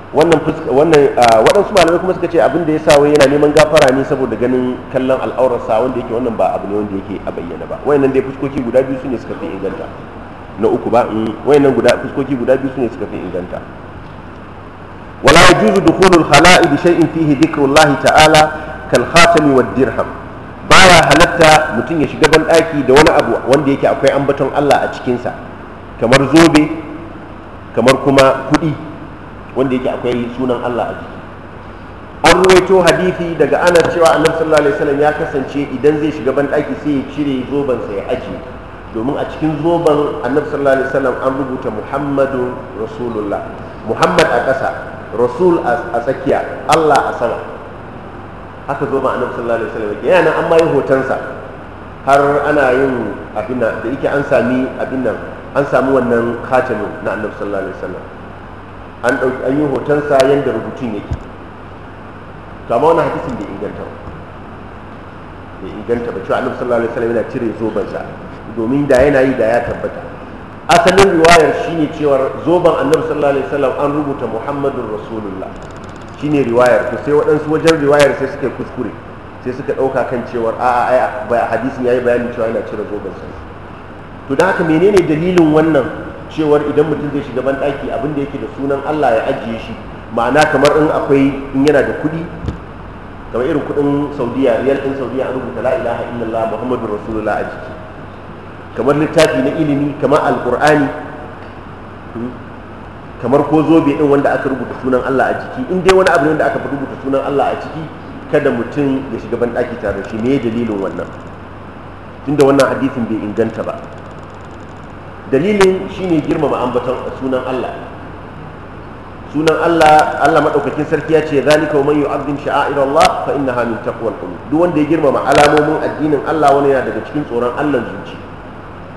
wannan wannan ah, waɗansu malamai kuma suka ce abin da ya sa wai yana neman gafara ne saboda ganin kallon al'aurarsa wanda yake wannan ba abu ne wanda yake a bayyana ba wayannan dai fuskoki guda biyu sune suka fi inganta na uku ba mm, wayannan guda fuskoki guda biyu sune suka fi inganta wala yajuzu dukhulul khala'i bi shay'in fihi dhikrullahi ta'ala kal khatami wad dirham baya halatta mutum ya shiga ban daki da wani abu wanda yake akwai ambaton Allah a cikin sa kamar zobe kamar kuma kuɗi wanda yake akwai sunan Allah a jiki an ruwaito hadithi daga anas cewa annabi sallallahu alaihi wasallam ya kasance idan zai shiga ban daki sai ya cire zoban sa ya aje domin a cikin zoban annabi sallallahu alaihi wasallam an rubuta muhammadu rasulullah muhammad a ƙasa rasul a tsakiya allah a sama haka zoban annabi sallallahu alaihi wasallam yana nan an mai hoton hotonsa har ana yin abin da yake an sami abin nan an sami wannan khatamin na annabi sallallahu alaihi wasallam an ɗauki an yi hotonsa yadda rubutun yake to amma wani hadisin bai inganta ba bai inganta ba cewa annabi sallallahu alaihi wasallam yana cire sa domin da yana yi da ya tabbata asalin riwayar shine cewar zoben annabi sallallahu alaihi wasallam an rubuta muhammadur rasulullah shine riwayar to sai waɗansu wajen riwayar sai suka kuskure sai suka ɗauka kan cewar a'a hadisin ya yi bayani cewa yana cire zoban sa to da haka menene dalilin wannan cewar idan mutum zai shiga banɗaki abin da yake da sunan Allah ya ajiye shi ma'ana kamar in akwai in yana da kuɗi kamar irin kuɗin saudiya riyal ɗin saudiya an rubuta la ilaha illallah muhammadu rasulullah a jiki kamar littafi na ilimi kamar alƙur'ani kamar ko zobe ɗin wanda aka rubuta sunan Allah a jiki in dai wani abu ne wanda aka rubuta sunan Allah a ciki kada mutum ya shiga banɗaki tare da shi me dalilin wannan tunda wannan hadisin bai inganta ba dalilin shine girmama ambaton sunan Allah sunan Allah Allah madaukakin sarki ya ce zalika wa man yu'azzim sha'air Allah fa innaha min taqwal qulub duk wanda ya girmama alamomin addinin Allah wani yana daga cikin tsoron Allah zuci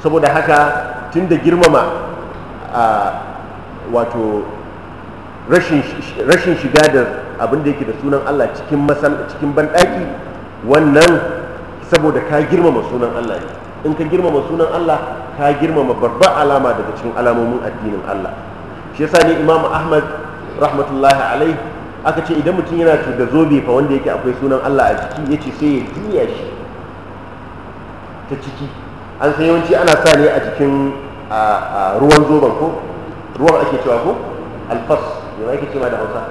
saboda haka tunda girmama wato rashin shiga da abin da yake da sunan Allah cikin masan cikin banɗaki wannan saboda ka girmama sunan Allah ne in ka girmama sunan Allah ka girmama babbar alama daga cikin alamomin addinin Allah shi yasa ne Imam Ahmad rahmatullahi alaihi aka ce idan mutum yana da zobe fa wanda yake akwai sunan Allah a ciki yace sai ya jiya shi ta ciki an san yawanci ana sa ne a cikin ruwan zoben ko ruwan ake cewa ko alfas yana ake cewa da hausa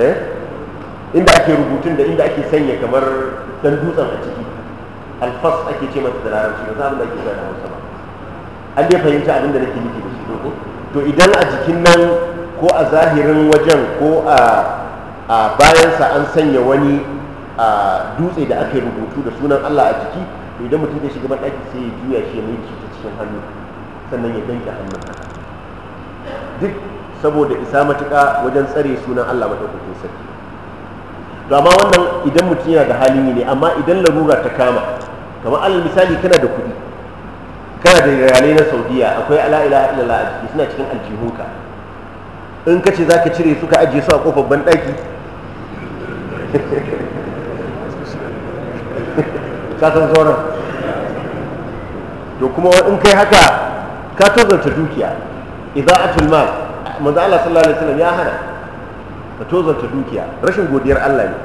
eh inda ake rubutun da inda ake sanya kamar dan dutsen a ciki alfas ake ce mata da larabci ba za a da da hausa ba an dai fahimci abin da nake nufi da shi doko to idan a jikin nan ko a zahirin wajen ko a bayansa an sanya wani dutse da aka rubutu da sunan Allah a jiki to idan mutum zai shiga banɗaki sai ya juya shi ya mai ta cikin hannu sannan ya danke hannun duk saboda isa matuƙa wajen tsare sunan Allah mataukakin sarki to amma wannan idan mutum yana da halin yi ne amma idan larura ta kama kamar alal misali kana da kuɗi kana da rayalai na saudiya akwai ala ilaha illallah a jiki suna cikin aljihunka in ka ce za ka cire su ka ajiye su a kofar banɗaki [LAUGHS] kasan sauran to kuma in kai haka ka tozarta dukiya idza'atul mal manzo Allah sallallahu alaihi wasallam ya hana ka tozarta dukiya rashin godiyar Allah ne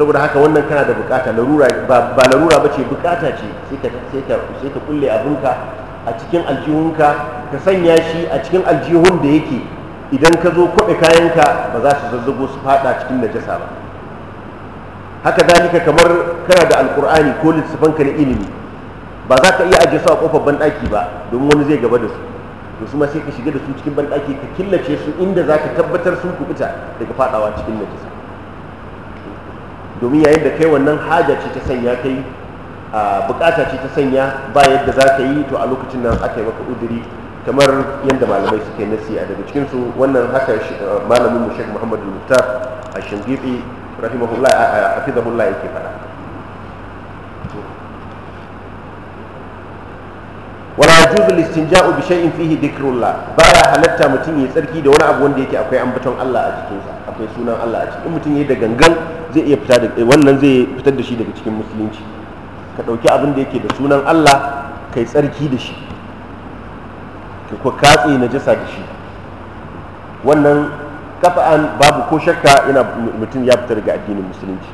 saboda haka wannan kana da bukata larura ba, larura ba ce bukata ce sai ka kulle abinka a cikin aljihunka ka sanya shi a cikin aljihun da yake idan ka zo kwaɓe kayanka ba za su zazzago su fada cikin najasa ba haka zalika kamar kana da alkur'ani ko littafanka na ilimi ba za ka iya ajiye su a kofar banɗaki ba domin wani zai gaba da su to su ma sai ka shiga da su cikin banɗaki ka killace su inda za ka tabbatar sun kubuta daga fadawa cikin najisa domin yayin da kai wannan haja ce ta sanya kai a bukata ce ta sanya ba yadda za ka yi to a lokacin nan aka yi maka udiri kamar yadda malamai suke nasi a daga cikinsu wannan haka malamin mu shek muhammadu muftar a shingibi rahimahullah a hafizahullah yake faɗa. wala yajuzu listinja'u bi shay'in fihi dhikrullah ya halatta mutum yi tsarki da wani abu wanda yake akwai ambaton Allah a cikin sa akwai sunan Allah a cikin mutum yayi da gangan zai iya fita da wannan zai fitar da shi daga cikin musulunci ka dauki abin da yake da sunan Allah kai tsarki da shi ka ko katse najasa da shi wannan kafa'an babu ko shakka yana mutum ya fita daga addinin musulunci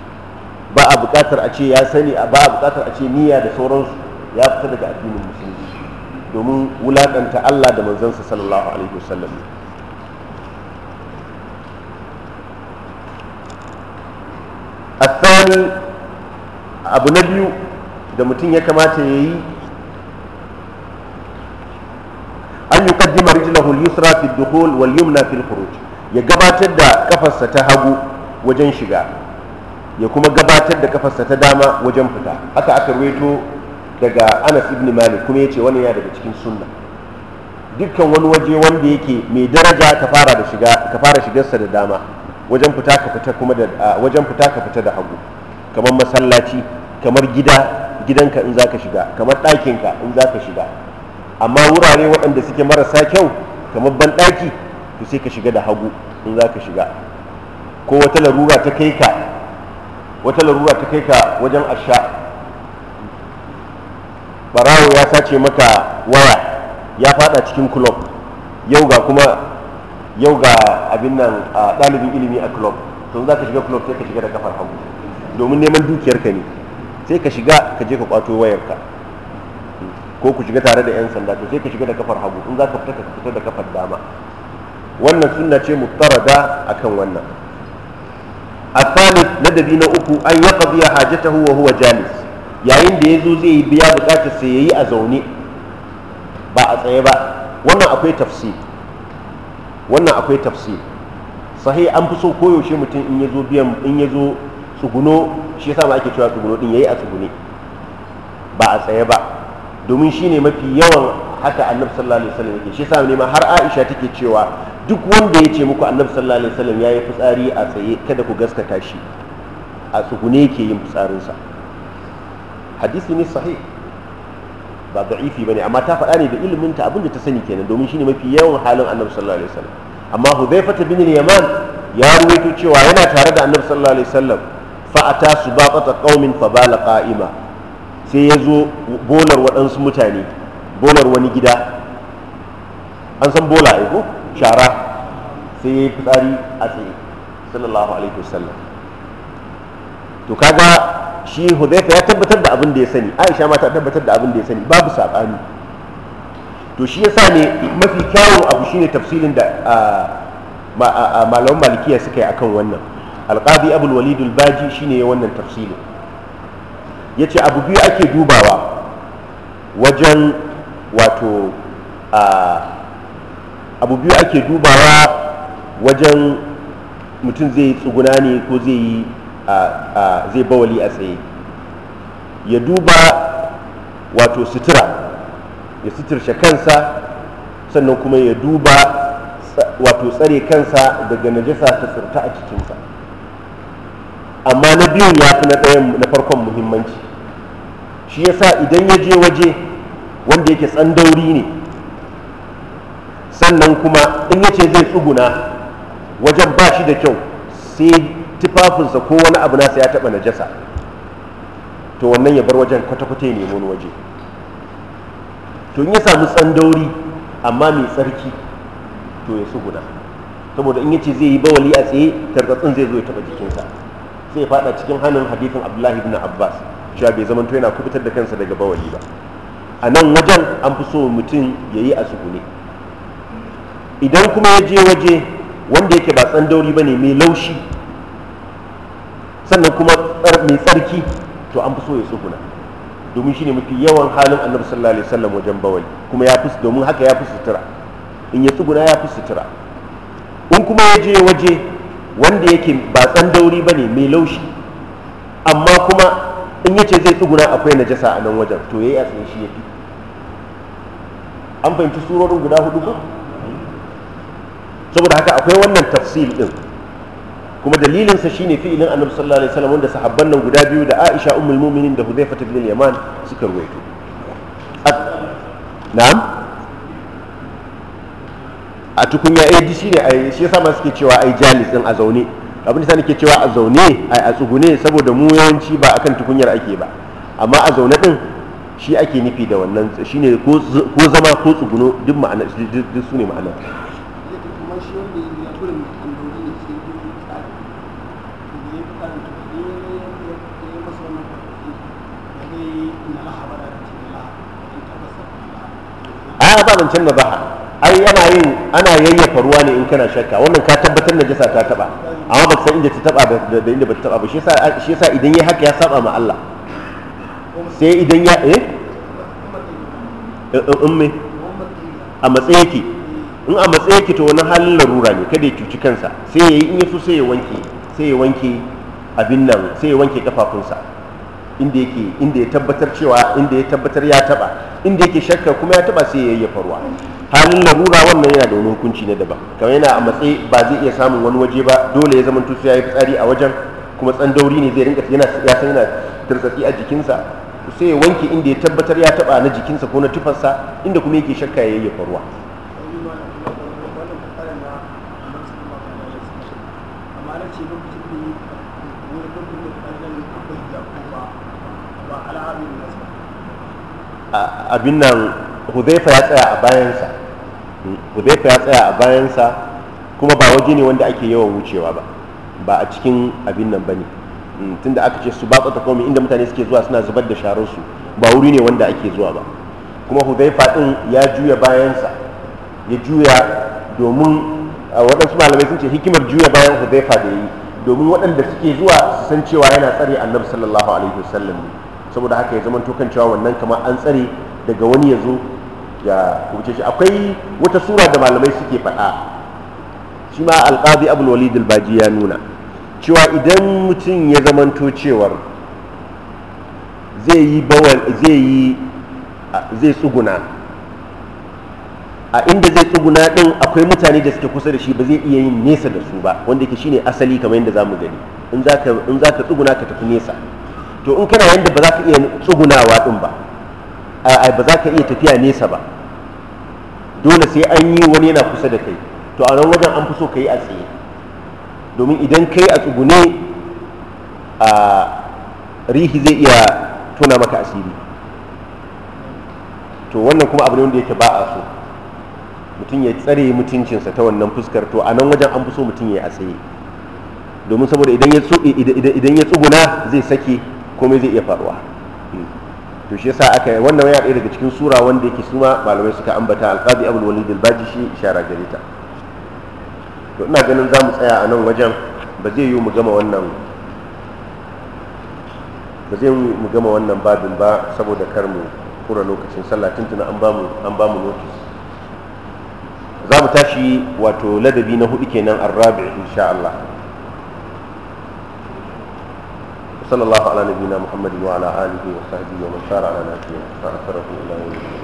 ba a buƙatar a ce ya sani ba a buƙatar a ce niyya da sauransu ya fita daga addinin musulunci domin wulaƙanta Allah da manzansa sallallahu alaihi wasallam tsawon abu na biyu da mutum ya kamata ya yi an yi kaddima rijlahu yusra fi dukhul wal yumna fi ya gabatar da kafarsa ta hagu wajen shiga ya kuma gabatar da kafarsa ta dama wajen fita haka aka ruwaito daga anas ibn malik kuma ya ce wannan ya daga cikin sunna dukkan wani waje wanda yake mai daraja ka fara da shiga ka fara shigarsa da dama wajen fita ka fita kuma da wajen fita ka fita da hagu kamar masallaci kamar gida gidanka in zaka shiga kamar ɗakinka in zaka shiga amma wurare waɗanda suke marasa kyau kamar banɗaki to sai ka shiga da hagu in zaka shiga ko wata larura ta kai ka wata larura ta kai ka wajen asha barawo ya sace maka waya ya fada cikin club yau ga kuma yau ga abin nan a ɗalibin ilimi a club to za ka shiga club sai ka shiga da kafar hagu domin neman dukiyarka ne sai ka shiga ka je ka kwato wayarka ko ku shiga tare da 'yan sanda to sai ka shiga da kafar hagu in za ka fita ka fita da kafar dama wannan sunna ce muttarada akan wannan الثالث ladabi na uku an يقضي حاجته وهو جالس yayin da ya zo zai yi biya bukatar sai ya yi a zaune ba a tsaye ba wannan akwai tafsir wannan akwai tafsir sahi an fi so koyaushe mutum in ya zo biyan in ya zo tsuguno shi yasa ma ake cewa tsuguno din yayi a tsugune ba a tsaye ba domin shine mafi yawan haka annabi sallallahu alaihi wasallam yake shi yasa ne ma har Aisha take cewa duk wanda ya ce muku annabi sallallahu alaihi wasallam yayi fitsari a tsaye kada ku gaskata shi a tsugune yake yin fitsarinsa sa hadisi ne sahih ba da'ifi bane amma ta faɗa ne da ilimin ta abinda ta sani kenan domin shine mafi yawan halin annabi sallallahu alaihi wasallam amma hudhaifata bin al-yaman ya ruwaito cewa yana tare da annabi sallallahu alaihi wasallam fa ata subaqata qaumin fa bala qa'ima sai ya zo bolar waɗansu mutane bolar wani gida an san bola ai ko shara sai ya yi fitsari a tsaye sallallahu alaihi wasallam to kaga shi hudaifa ya tabbatar da abin da ya sani aisha ma ta tabbatar da abin da ya sani babu saɓani to shi yasa ne mafi kyawun abu shine tafsirin da malamin malikiya suka yi akan wannan alqadi abul walid al-baji shine ya wannan tafsirin yace abu biyu ake dubawa wajen wato abu biyu ake dubawa wajen mutum zai yi tsuguna ne ko zai yi a zai bawali a tsaye ya duba wato sutura ya suturce kansa sannan kuma ya duba wato tsare kansa daga najasa ta tsirta a cikinsa amma na biyun ya fi na ɗayan na farkon muhimmanci shi yasa idan ya je waje wanda yake tsandauri ne sannan kuma in ya ce zai tsuguna wajen ba shi da kyau sai tufafinsa ko wani abu nasa ya taɓa najasa to wannan ya bar wajen kwata-kwata ya nemi wani waje to in ya samu tsandauri amma mai tsarki to ya su guda saboda in ya ce zai yi bawali a tsaye tarkatsin zai zo ya taɓa jikinsa sai ya faɗa cikin hannun hadithin abdullahi ibn abbas cewa bai zamanto yana kubutar da kansa daga bawali ba a nan wajen an fi so mutum ya yi a sugune idan kuma ya je waje wanda yake ba tsandauri ba ne mai laushi sannan kuma mai tsarki to an fi so ya tsuguna domin shi ne mafi yawan halin annabi sallallahu alaihi wasallam wajen bawali kuma ya fi domin haka ya fi sutura in ya tsuguna ya fi sutura in kuma ya je waje wanda yake ba dauri ba ne mai laushi amma kuma in ya ce zai tsuguna akwai najasa a nan wajen to ya yi a shi ya fi an fahimci surorin guda hudu ba saboda haka akwai wannan tafsil din kuma dalilinsa shine fi'ilin annabi sallallahu alaihi wasallam wanda sahabban nan guda biyu da Aisha ummul mu'minin da Hudhayfa ibn al-Yaman suka ruwaito na'am a tukunya eh di shine ai shi yasa ma suke cewa ai jalis din a zaune abin da ke cewa a zaune ai a tsugune saboda mu yawanci ba akan tukunyar ake ba amma a zaune din shi ake nufi da wannan shine ko zama ko tsuguno duk ma'ana duk su ne a ba zancen na baha ai yana yin ana yayyafa ruwa ne in kana shakka wannan ka tabbatar na jasa ta taba amma ba san inda ta taba da inda ba ta taba ba shi yasa idan yayi haka ya saba ma Allah sai idan ya eh, eh, eh umme a matsayi ki in a matsayi ki to wani halin larura ne kada ya cuci kansa sai ya yi in ya so sai ya wanke sai ya wanke abin nan sai ya wanke kafafunsa inda yake inda ya tabbatar cewa inda ya tabbatar ya taba inda yake shakka kuma ya taba sai ya yayyafa ruwa halin larura wannan yana da wani hukunci na daban kamar yana a matsayi ba zai iya samun wani waje ba dole ya zama tusu ya yi fitsari a wajen kuma tsandauri ne zai rinka yana ya san yana tirtsatsi a jikinsa sai ya wanke inda ya tabbatar ya taba na jikinsa ko na tufarsa inda kuma yake shakka ya yi ruwa abin nan huzaifa ya tsaya a bayansa huzaifa ya tsaya a bayansa kuma ba waje ne wanda ake yawan wucewa ba ba a cikin abin nan ba ne mm, tunda aka ce su ba ta komai inda mutane suke zuwa suna zubar da shararsu ba wuri ne wanda ake zuwa ba kuma huzaifa din ya juya bayansa ya juya domin waɗansu malamai sun ce hikimar juya bayan huzaifa da yi domin waɗanda suke zuwa su san cewa yana tsare annabi sallallahu alaihi wasallam ne saboda haka ya zama tokan cewa wannan kama an tsare daga wani ya zo ya kubuce shi akwai wata sura da malamai suke faɗa shi ma alƙazi abul walid albaji ya nuna cewa idan mutum ya zama cewar zai yi bawal zai yi zai tsuguna a inda zai tsuguna din akwai mutane da suke kusa da shi ba zai iya yin nesa da su ba wanda shi shine asali kamar yadda za mu gani in za ka tsuguna ka tafi nesa to in kana yanda ba za ka iya tsugunawa din ba ba za ka iya tafiya nesa ba dole sai an yi wani yana kusa da kai to a nan wajen an fi so ka yi a tsaye domin idan ka yi a tsugune a rihi zai iya tona maka asiri to wannan kuma abu ne wanda yake ba a so mutum ya tsare mutuncinsa ta wannan fuskar to a nan wajen an fi so mutum ya yi a tsaye domin saboda idan ya tsuguna zai sake komai zai iya faruwa to shi yasa aka yi wannan ya ɗaya daga cikin sura wanda yake suma malamai suka ambata alqadi abul walid al-baji shi ishara gare ta to ina ganin za mu tsaya a nan wajen ba zai yiwu mu gama wannan ba zai mu gama wannan babin ba saboda kar mu kura lokacin sallah tuntuna an ba mu an ba mu za mu tashi wato ladabi na hudu kenan arrabi insha Allah sallallahu ala nabiyina muhammadin wa ala alihi wa sahbihi wa man sara ala nabiyina fa asarahu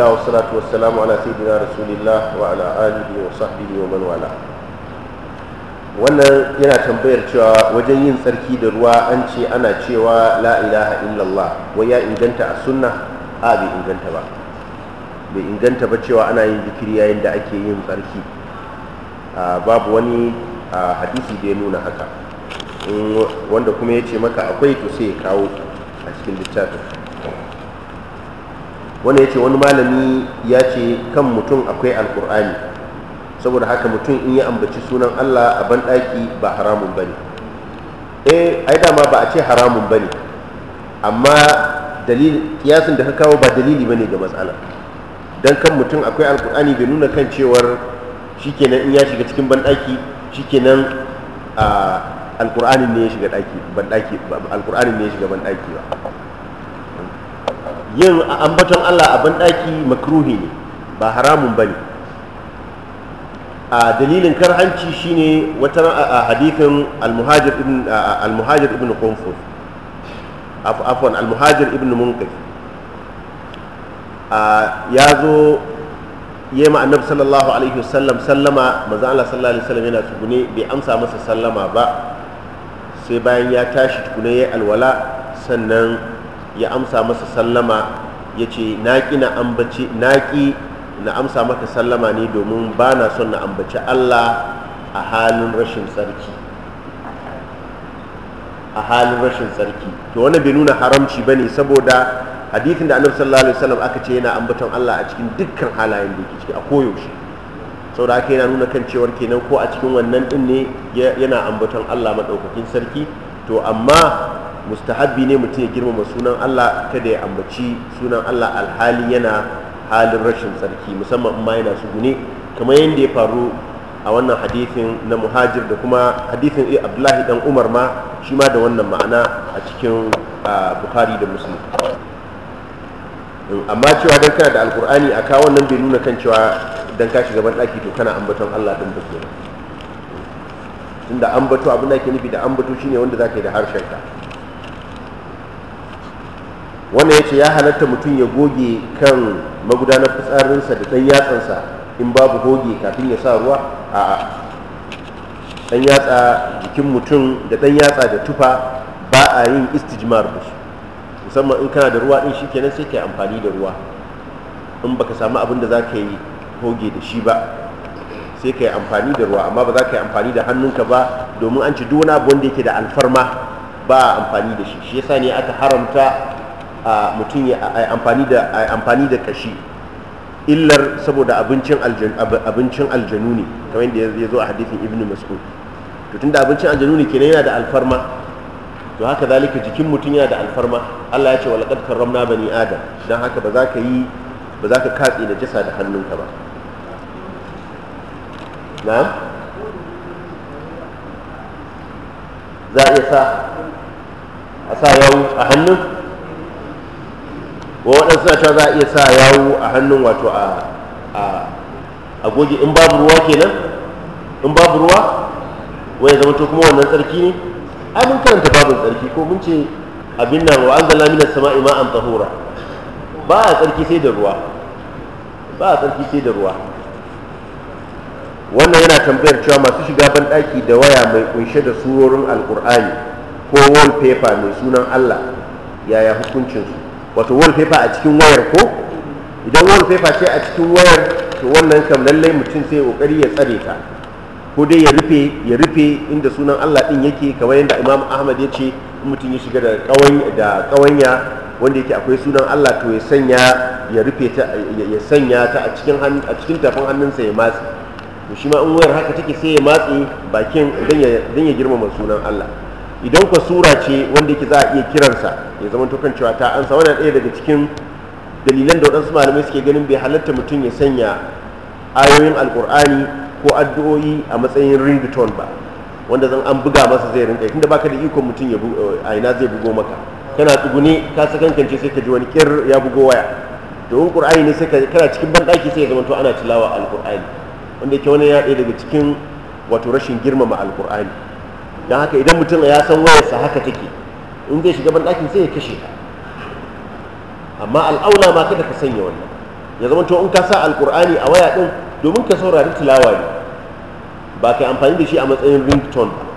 alhamdulillah wa salatu ala sayyidina rasulillah wa ala alihi wa sahbihi wa man wala wannan yana tambayar cewa wajen yin tsarki da ruwa an ce ana cewa la ilaha illallah wai ya inganta a sunna a bai inganta ba bai inganta ba cewa ana yin zikiri yayin da ake yin tsarki babu wani hadisi da ya nuna haka wanda kuma ya ce maka akwai to sai ya kawo a cikin littafin wani ce wani malami ya ce kan mutum akwai alkur'ani saboda haka mutum in ya ambaci sunan Allah a banɗaki ba haramun bane eh ai dama ba a ce haramun bane amma kiyasin da ka kawo ba dalili ne ga matsala don kan mutum akwai alkur'ani bai nuna kan cewar shikenan in ya shiga cikin banɗaki shikenan a ah, alkur'anin ne ne ya shiga banɗaki ba yin ambaton Allah a banɗaki makruhi ne ba haramun ba ne a dalilin karhanci shine wata a hadifin almuhajir ibn almuhajir ibn qunfur afwan almuhajir ibn munqif ya zo yema annabi sallallahu alaihi wasallam sallama manzo Allah sallallahu alaihi wasallam yana tsugune bai amsa masa sallama ba sai bayan ya tashi tukune yayi alwala sannan ya amsa masa sallama ya ce na ƙi na ambaci na ƙi na amsa maka sallama ne domin ba na son na ambaci Allah a halin rashin tsarki a halin rashin tsarki to wani bai nuna haramci ba ne saboda hadithin da annabi sallallahu alaihi wasallam aka ce yana ambaton Allah a cikin dukkan halayen da yake ciki a koyaushe saboda haka yana nuna kan cewar kenan ko a cikin wannan din ne yana ambaton Allah madaukakin sarki to amma mustahabbi ne mutum ya girmama sunan Allah kada ya ambaci sunan Allah alhali yana halin rashin tsarki musamman in ma yana sugune kamar yadda ya faru a wannan hadithin na muhajir da kuma hadithin abdullahi dan umar ma shi ma da wannan ma'ana a cikin bukhari da muslim amma cewa don kana da alkur'ani a kawo wannan bai nuna kan cewa don ka shiga ban ɗaki to kana ambaton allah don bukuri tunda ambato abin da ke nufi da ambato shine wanda za ka yi da harshen ka wanda ya ce ya halatta mutum ya goge kan magudanar fitsarinsa da ɗan yatsansa in babu goge kafin ya sa ruwa a ɗan yatsa jikin mutum da ɗan yatsa da tufa ba a yin istijmar da su musamman in kana da ruwa ɗin shi kenan sai ka yi amfani da ruwa in baka samu abin da za ka yi goge da shi ba sai ka yi amfani da ruwa amma ba za ka yi amfani da hannunka ba domin an ci duk wani abu wanda yake da alfarma ba a amfani da shi shi yasa ne aka haramta a mutum ya amfani da amfani da kashi illar saboda abincin aljanu ne kamar yadda ya zo a hadithin ibnu mas'ud to tunda abincin aljanu ne kenan yana da alfarma to haka zalika jikin mutum yana da alfarma Allah ya ce walaqad karramna bani adam dan haka ba za ka yi ba za ka katse da jisa da hannunka ba na'am za a iya sa a sa yau a hannun wa waɗansu na cewa za a iya sa yawo a hannun wato a goge in babu ruwa kenan in babu ruwa wai zama to kuma wannan tsarki ne ai mun karanta babin tsarki ko mun ce abin nan wa mina sama ima an tahura ba a tsarki sai da ruwa ba a tsarki sai da ruwa wannan yana tambayar cewa masu shiga banɗaki da waya mai kunshe da surorin alkur'ani ko wallpaper mai sunan allah yaya hukuncinsu wato paper a cikin wayar ko idan paper ce a cikin wayar to wannan kam lallai mutum sai kokari ya tsare ta ko dai ya rufe ya rufe inda sunan Allah din yake kamar yadda Imam Ahmad ya ce mutum ya shiga da kawai da kawanya wanda yake akwai sunan Allah to ya sanya ya rufe ta ya sanya ta a cikin a cikin tafin hannunsa ya matsi to shi ma in wayar haka take sai ya matsi bakin dan ya girmama sunan Allah idan ka sura ce wanda yake za a iya kiransa ya zama kan cewa ta ansa wannan ɗaya daga cikin dalilan da waɗansu malamai suke ganin bai halatta mutum ya sanya ayoyin alkur'ani ko addu'o'i a matsayin ringtone ba wanda zan an buga masa zai rinka tunda baka da ikon mutum ya a ina zai bugo maka kana tsugune ka ce sai ka ji wani kir ya bugo waya domin qur'ani ne sai ka kana cikin banɗaki sai ya zama to ana tilawa alkur'ani wanda yake wani ya ɗaya daga cikin wato rashin girmama alkur'ani don haka idan mutum ya san wayarsa haka take in zai shiga banɗakin sai ya kashe ta amma al'aula ma kada ka sanya wannan ya zama to in ka sa alkur'ani a waya ɗin domin ka saurari tilawa ne ba ka amfani da shi a matsayin ringtone ba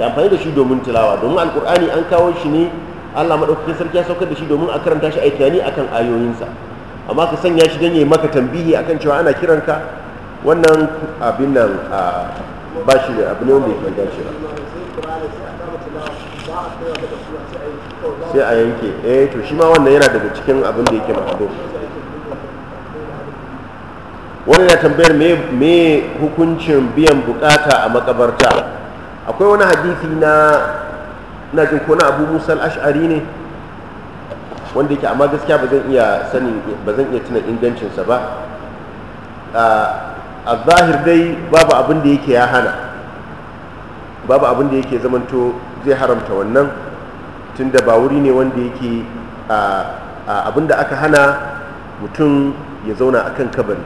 ka amfani da shi domin tilawa domin alkur'ani an kawo shi ne allah maɗaukakin sarki ya saukar da shi domin a karanta shi a tunani akan ayoyinsa amma ka sanya shi don ya maka tambihi akan cewa ana kiranka wannan abin nan ba shi da abin ne wanda ya dace ba sai a yanke eh to shi ma wannan yana daga cikin abin da yake mahado wani na tambayar me hukuncin biyan bukata a makabarta akwai wani hadithi na na jin abu musal ash'ari ne wanda yake amma gaskiya ba zan iya sani ba zan iya tuna ingancinsa ba ah, a zahir dai babu abin da yake ya hana babu abin da yake zamanto zai haramta wannan tunda ba wuri ne wanda yake abin da aka hana mutum ya zauna akan kabari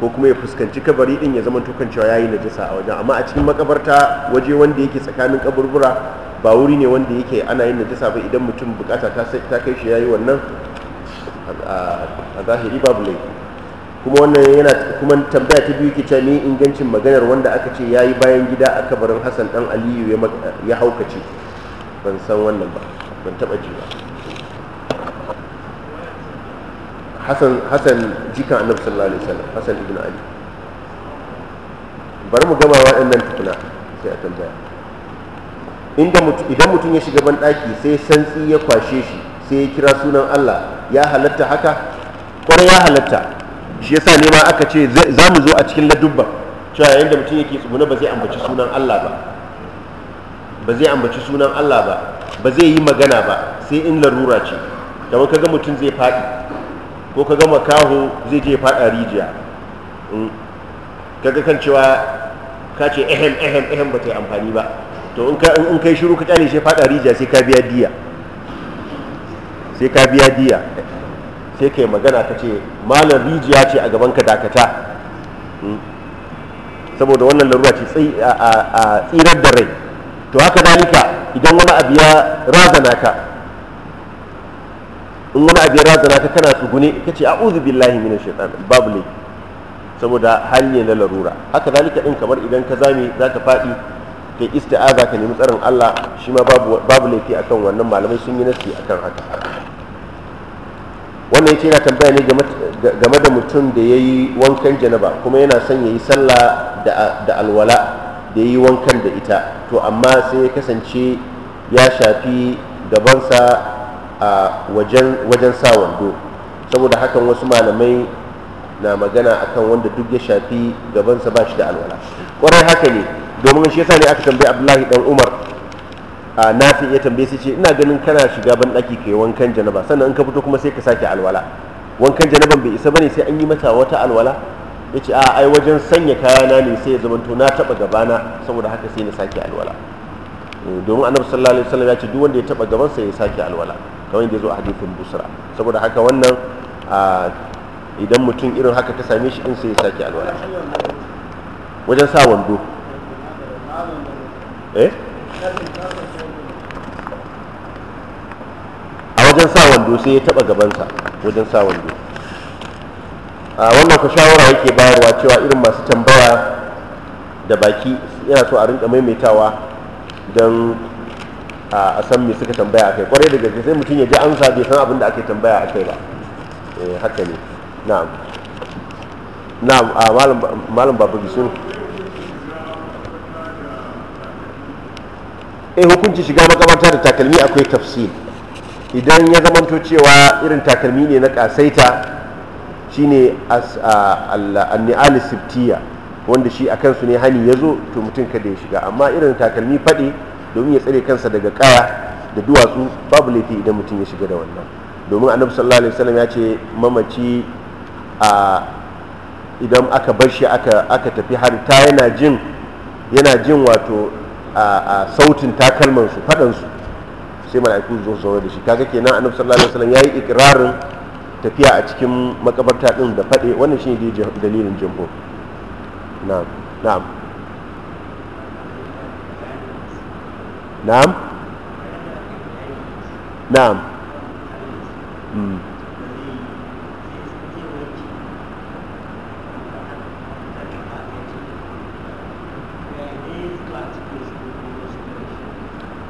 ko kuma ya fuskanci kabari din ya zamanto kan cewa yayi najasa a wajen amma a cikin makabarta waje wanda yake tsakanin kaburbura ba wuri ne wanda yake ana yin najasa ba idan mutum bukata ta kai shi yayi wannan a zahiri babu laifi kuma wannan yana kuma tambaya ta biyu ke cewa ingancin maganar wanda aka ce ya yi bayan gida a kabarin Hassan dan Aliyu ya haukace ban san wannan ba ban taba ji ba Hassan jikan Annabi sallallahu alaihi wasallam Hassan ibn Ali bari mu gama waɗannan tukuna sai a tambaya idan mutum ya shiga ban ɗaki sai santsi ya kwashe shi sai ya kira sunan Allah ya halatta haka kwarai ya halatta shi yasa ne ma aka ce za mu zo a cikin ladubban cewa yayin da mutum yake tsugune ba zai ambaci sunan Allah ba ba zai ambaci sunan Allah ba ba zai yi magana ba sai in larura ce kamar kaga mutum zai faɗi ko kaga makaho zai je faɗa rijiya mm. kaga kan cewa ka ce ehem ehem ehem ba ta yi amfani ba to in kai shiru ka kyale shi faɗa rijiya sai ka biya diya sai ka biya diya sai kai magana ka ce malam rijiya ce a gaban ka dakata hmm. saboda wannan larura ce a tsirar da rai to haka dalika idan wani abu ya razana ka in wani abu ya razana ka kana su gune ka ce a'udhu billahi minash shaitan babu ne saboda hanyar na larura haka dalika din kamar idan ka zame zaka faɗi kai isti'aza ka nemi tsarin Allah shi ma babu laifi akan wannan malamai sun yi nasi akan haka wannan yake yana tambaya ne game da mutum da ya yi wankan janaba kuma yana son ya yi sallah da alwala da ya yi wankan da ita to amma sai ya kasance ya shafi gabansa a wajen sa wando saboda hakan wasu malamai na magana akan wanda duk ya shafi gabansa ba shi da alwala ƙwarar haka ne domin shi yasa ne aka tambayi abdullahi dan umar a nafi ya tambaye sai ce ina ganin kana shiga ban daki kai wankan janaba sannan in ka fito kuma sai ka sake alwala wankan janaban bai isa bane sai an yi mata wata alwala yace ce a ai wajen sanya kayana ne sai ya to na taɓa gabana saboda haka sai na sake alwala eh, domin annabi sallallahu alaihi wasallam ya ce duk wanda ya taɓa sa ya sake alwala kamar yadda zo a hadithin busra saboda haka wannan idan mutum irin haka ka same shi din sai ya sake alwala wajen sa wando eh wajen sa wando sai ya taba gabansa wajen sa wando a wannan ku shawara yake bayarwa cewa irin masu tambaya da baki yana so a rinka maimaitawa don a san me suka tambaya akai kwarai da gaske sai mutum ya ji amsa bai san abin da ake tambaya akai ba eh haka ne na'am na'am a malam malam babu bisu eh hukunci shiga makabarta da takalmi akwai tafsir idan ya zamanto cewa irin takalmi ne na kasaita shine al-ni'al wanda shi a kansu ne hani ya zo to mutum kada ya shiga amma irin takalmi faɗi domin ya tsare kansa daga kaya da duwatsu babu laifi idan mutum ya shiga da wannan domin annabi sallallahu alaihi wasallam ya ce mamaci a idan aka bar shi aka tafi har ta yana jin yana jin wato a sautin takalmansu faɗansu sai mala'iku zo zo da shi kaga kenan annabi sallallahu alaihi wasallam yayi ikrarin tafiya a cikin makabarta din da fade wannan shine dalilin jumhur na'am na'am na'am na'am mm.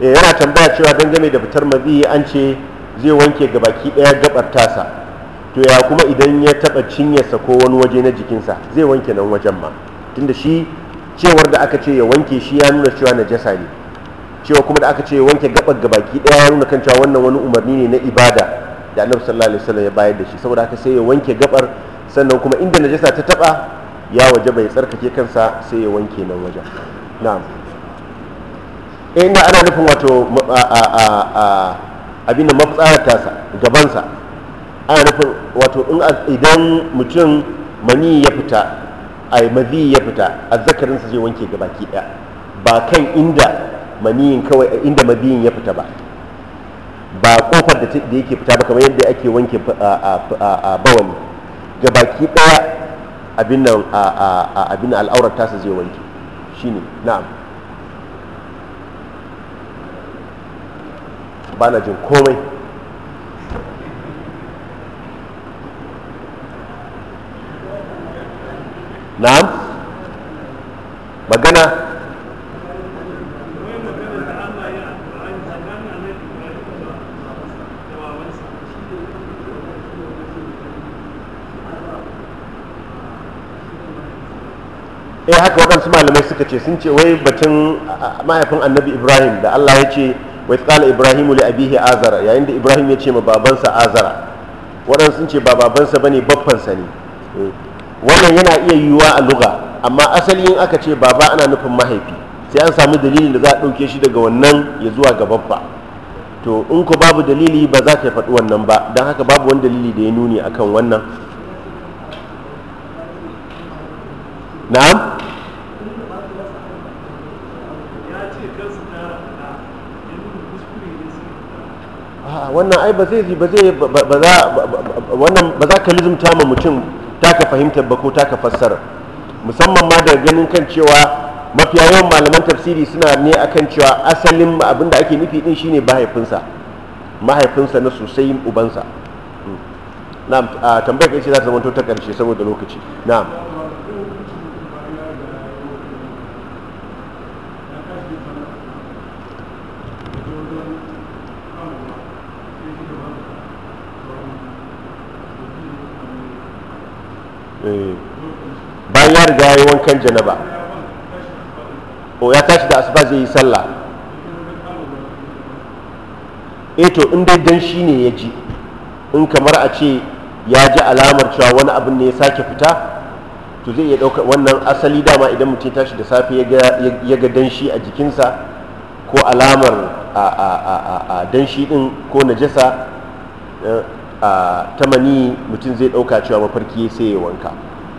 Eh, yana tambaya cewa dangane da fitar mazi an ce zai wanke gabaki daya gabar tasa to ya kuma idan ya taba cinyarsa ko wani waje na jikinsa zai wanke nan wajen ma tunda shi cewar da aka ce ya wanke shi ya nuna cewa na jasa ne cewa kuma da aka ce ya wanke gabar gabaki daya ya nuna kan cewa wannan wani umarni ne na ibada da annabi sallallahu alaihi wasallam ya bayar da shi saboda haka sai ya wanke gabar sannan kuma inda najasa ta taba ya waje bai tsarkake kansa sai ya wanke nan wajen na'am Eh, inda ana nufin wato abin da mafitsarata sa gabansa ana nufin wato idan mutum mani ya fita a mazi ya fita a zakarinsa zai wanke gaba ki ɗaya ba kan inda maniyin kawai inda mabiyin ya fita ba ba kofar da da yake fita ba kamar yadda ake wanke a bawani gaba ki ɗaya abin nan al'aurar tasa zai wanke shine na'am ba na jin komai na'am magana eh haka waɗansu malamai suka ce sun ce wai batun mahaifin annabi ibrahim da allah ya ce wa qala ibrahim li abihi azara yayin da ibrahim ya ce ma babansa azara waɗansu sun ce ba babansa bane baffansa ne eh, wannan yana iya yiwuwa a luga amma asali in aka ce baba ana nufin mahaifi sai an samu dalili da za a ɗauke shi daga wannan ya zuwa ga babba to in ku babu dalili ba za ka faɗi wannan ba don haka babu wani dalili da ya nuni akan wannan na'am wannan ai ba zai ba zai ba za wannan ba za ka lizumta ma mutum taka fahimtar ba ko taka fassara musamman ma da ganin kan cewa mafiya yawan malaman tafsiri suna ne akan cewa asalin abin da ake nufi din shine mahaifinsa mahaifinsa na sosai ubansa hmm. na'am tambayar kai ce za ta zama ta karshe saboda lokaci na'am kan janaba o ya tashi da asuba zai yi sallah e to in dai dan shi ne ya ji in kamar a ce ya ji alamar cewa wani abin ne ya sake fita to zai iya ɗauka wannan asali dama idan mutum ya tashi da safe ya ga danshi a jikinsa ko alamar a danshi ɗin ko najasa eh, ta mani mutum zai ɗauka cewa mafarki sai ya wanka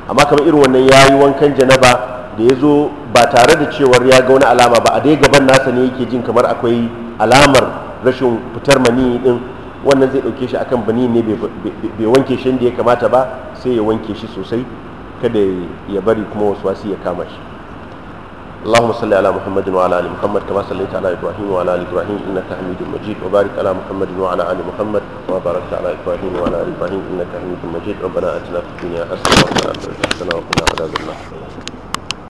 amma kamar irin wannan ya yi wankan janaba da ya zo ba tare da cewar ya ga wani alama ba a dai gaban nasa ne yake jin kamar akwai alamar rashin fitar mani din wannan zai ɗauke shi akan bani ne bai wanke shi da ya kamata ba sai ya wanke shi sosai kada ya bari kuma wasu wasu ya kama shi اللهم صل على محمد وعلى ال محمد كما صليت على ابراهيم وعلى ال ابراهيم انك حميد مجيد وبارك على محمد وعلى ال محمد كما باركت على ابراهيم وعلى ال ابراهيم انك حميد مجيد ربنا اتنا في الدنيا حسنه وفي الاخره حسنه وقنا عذاب النار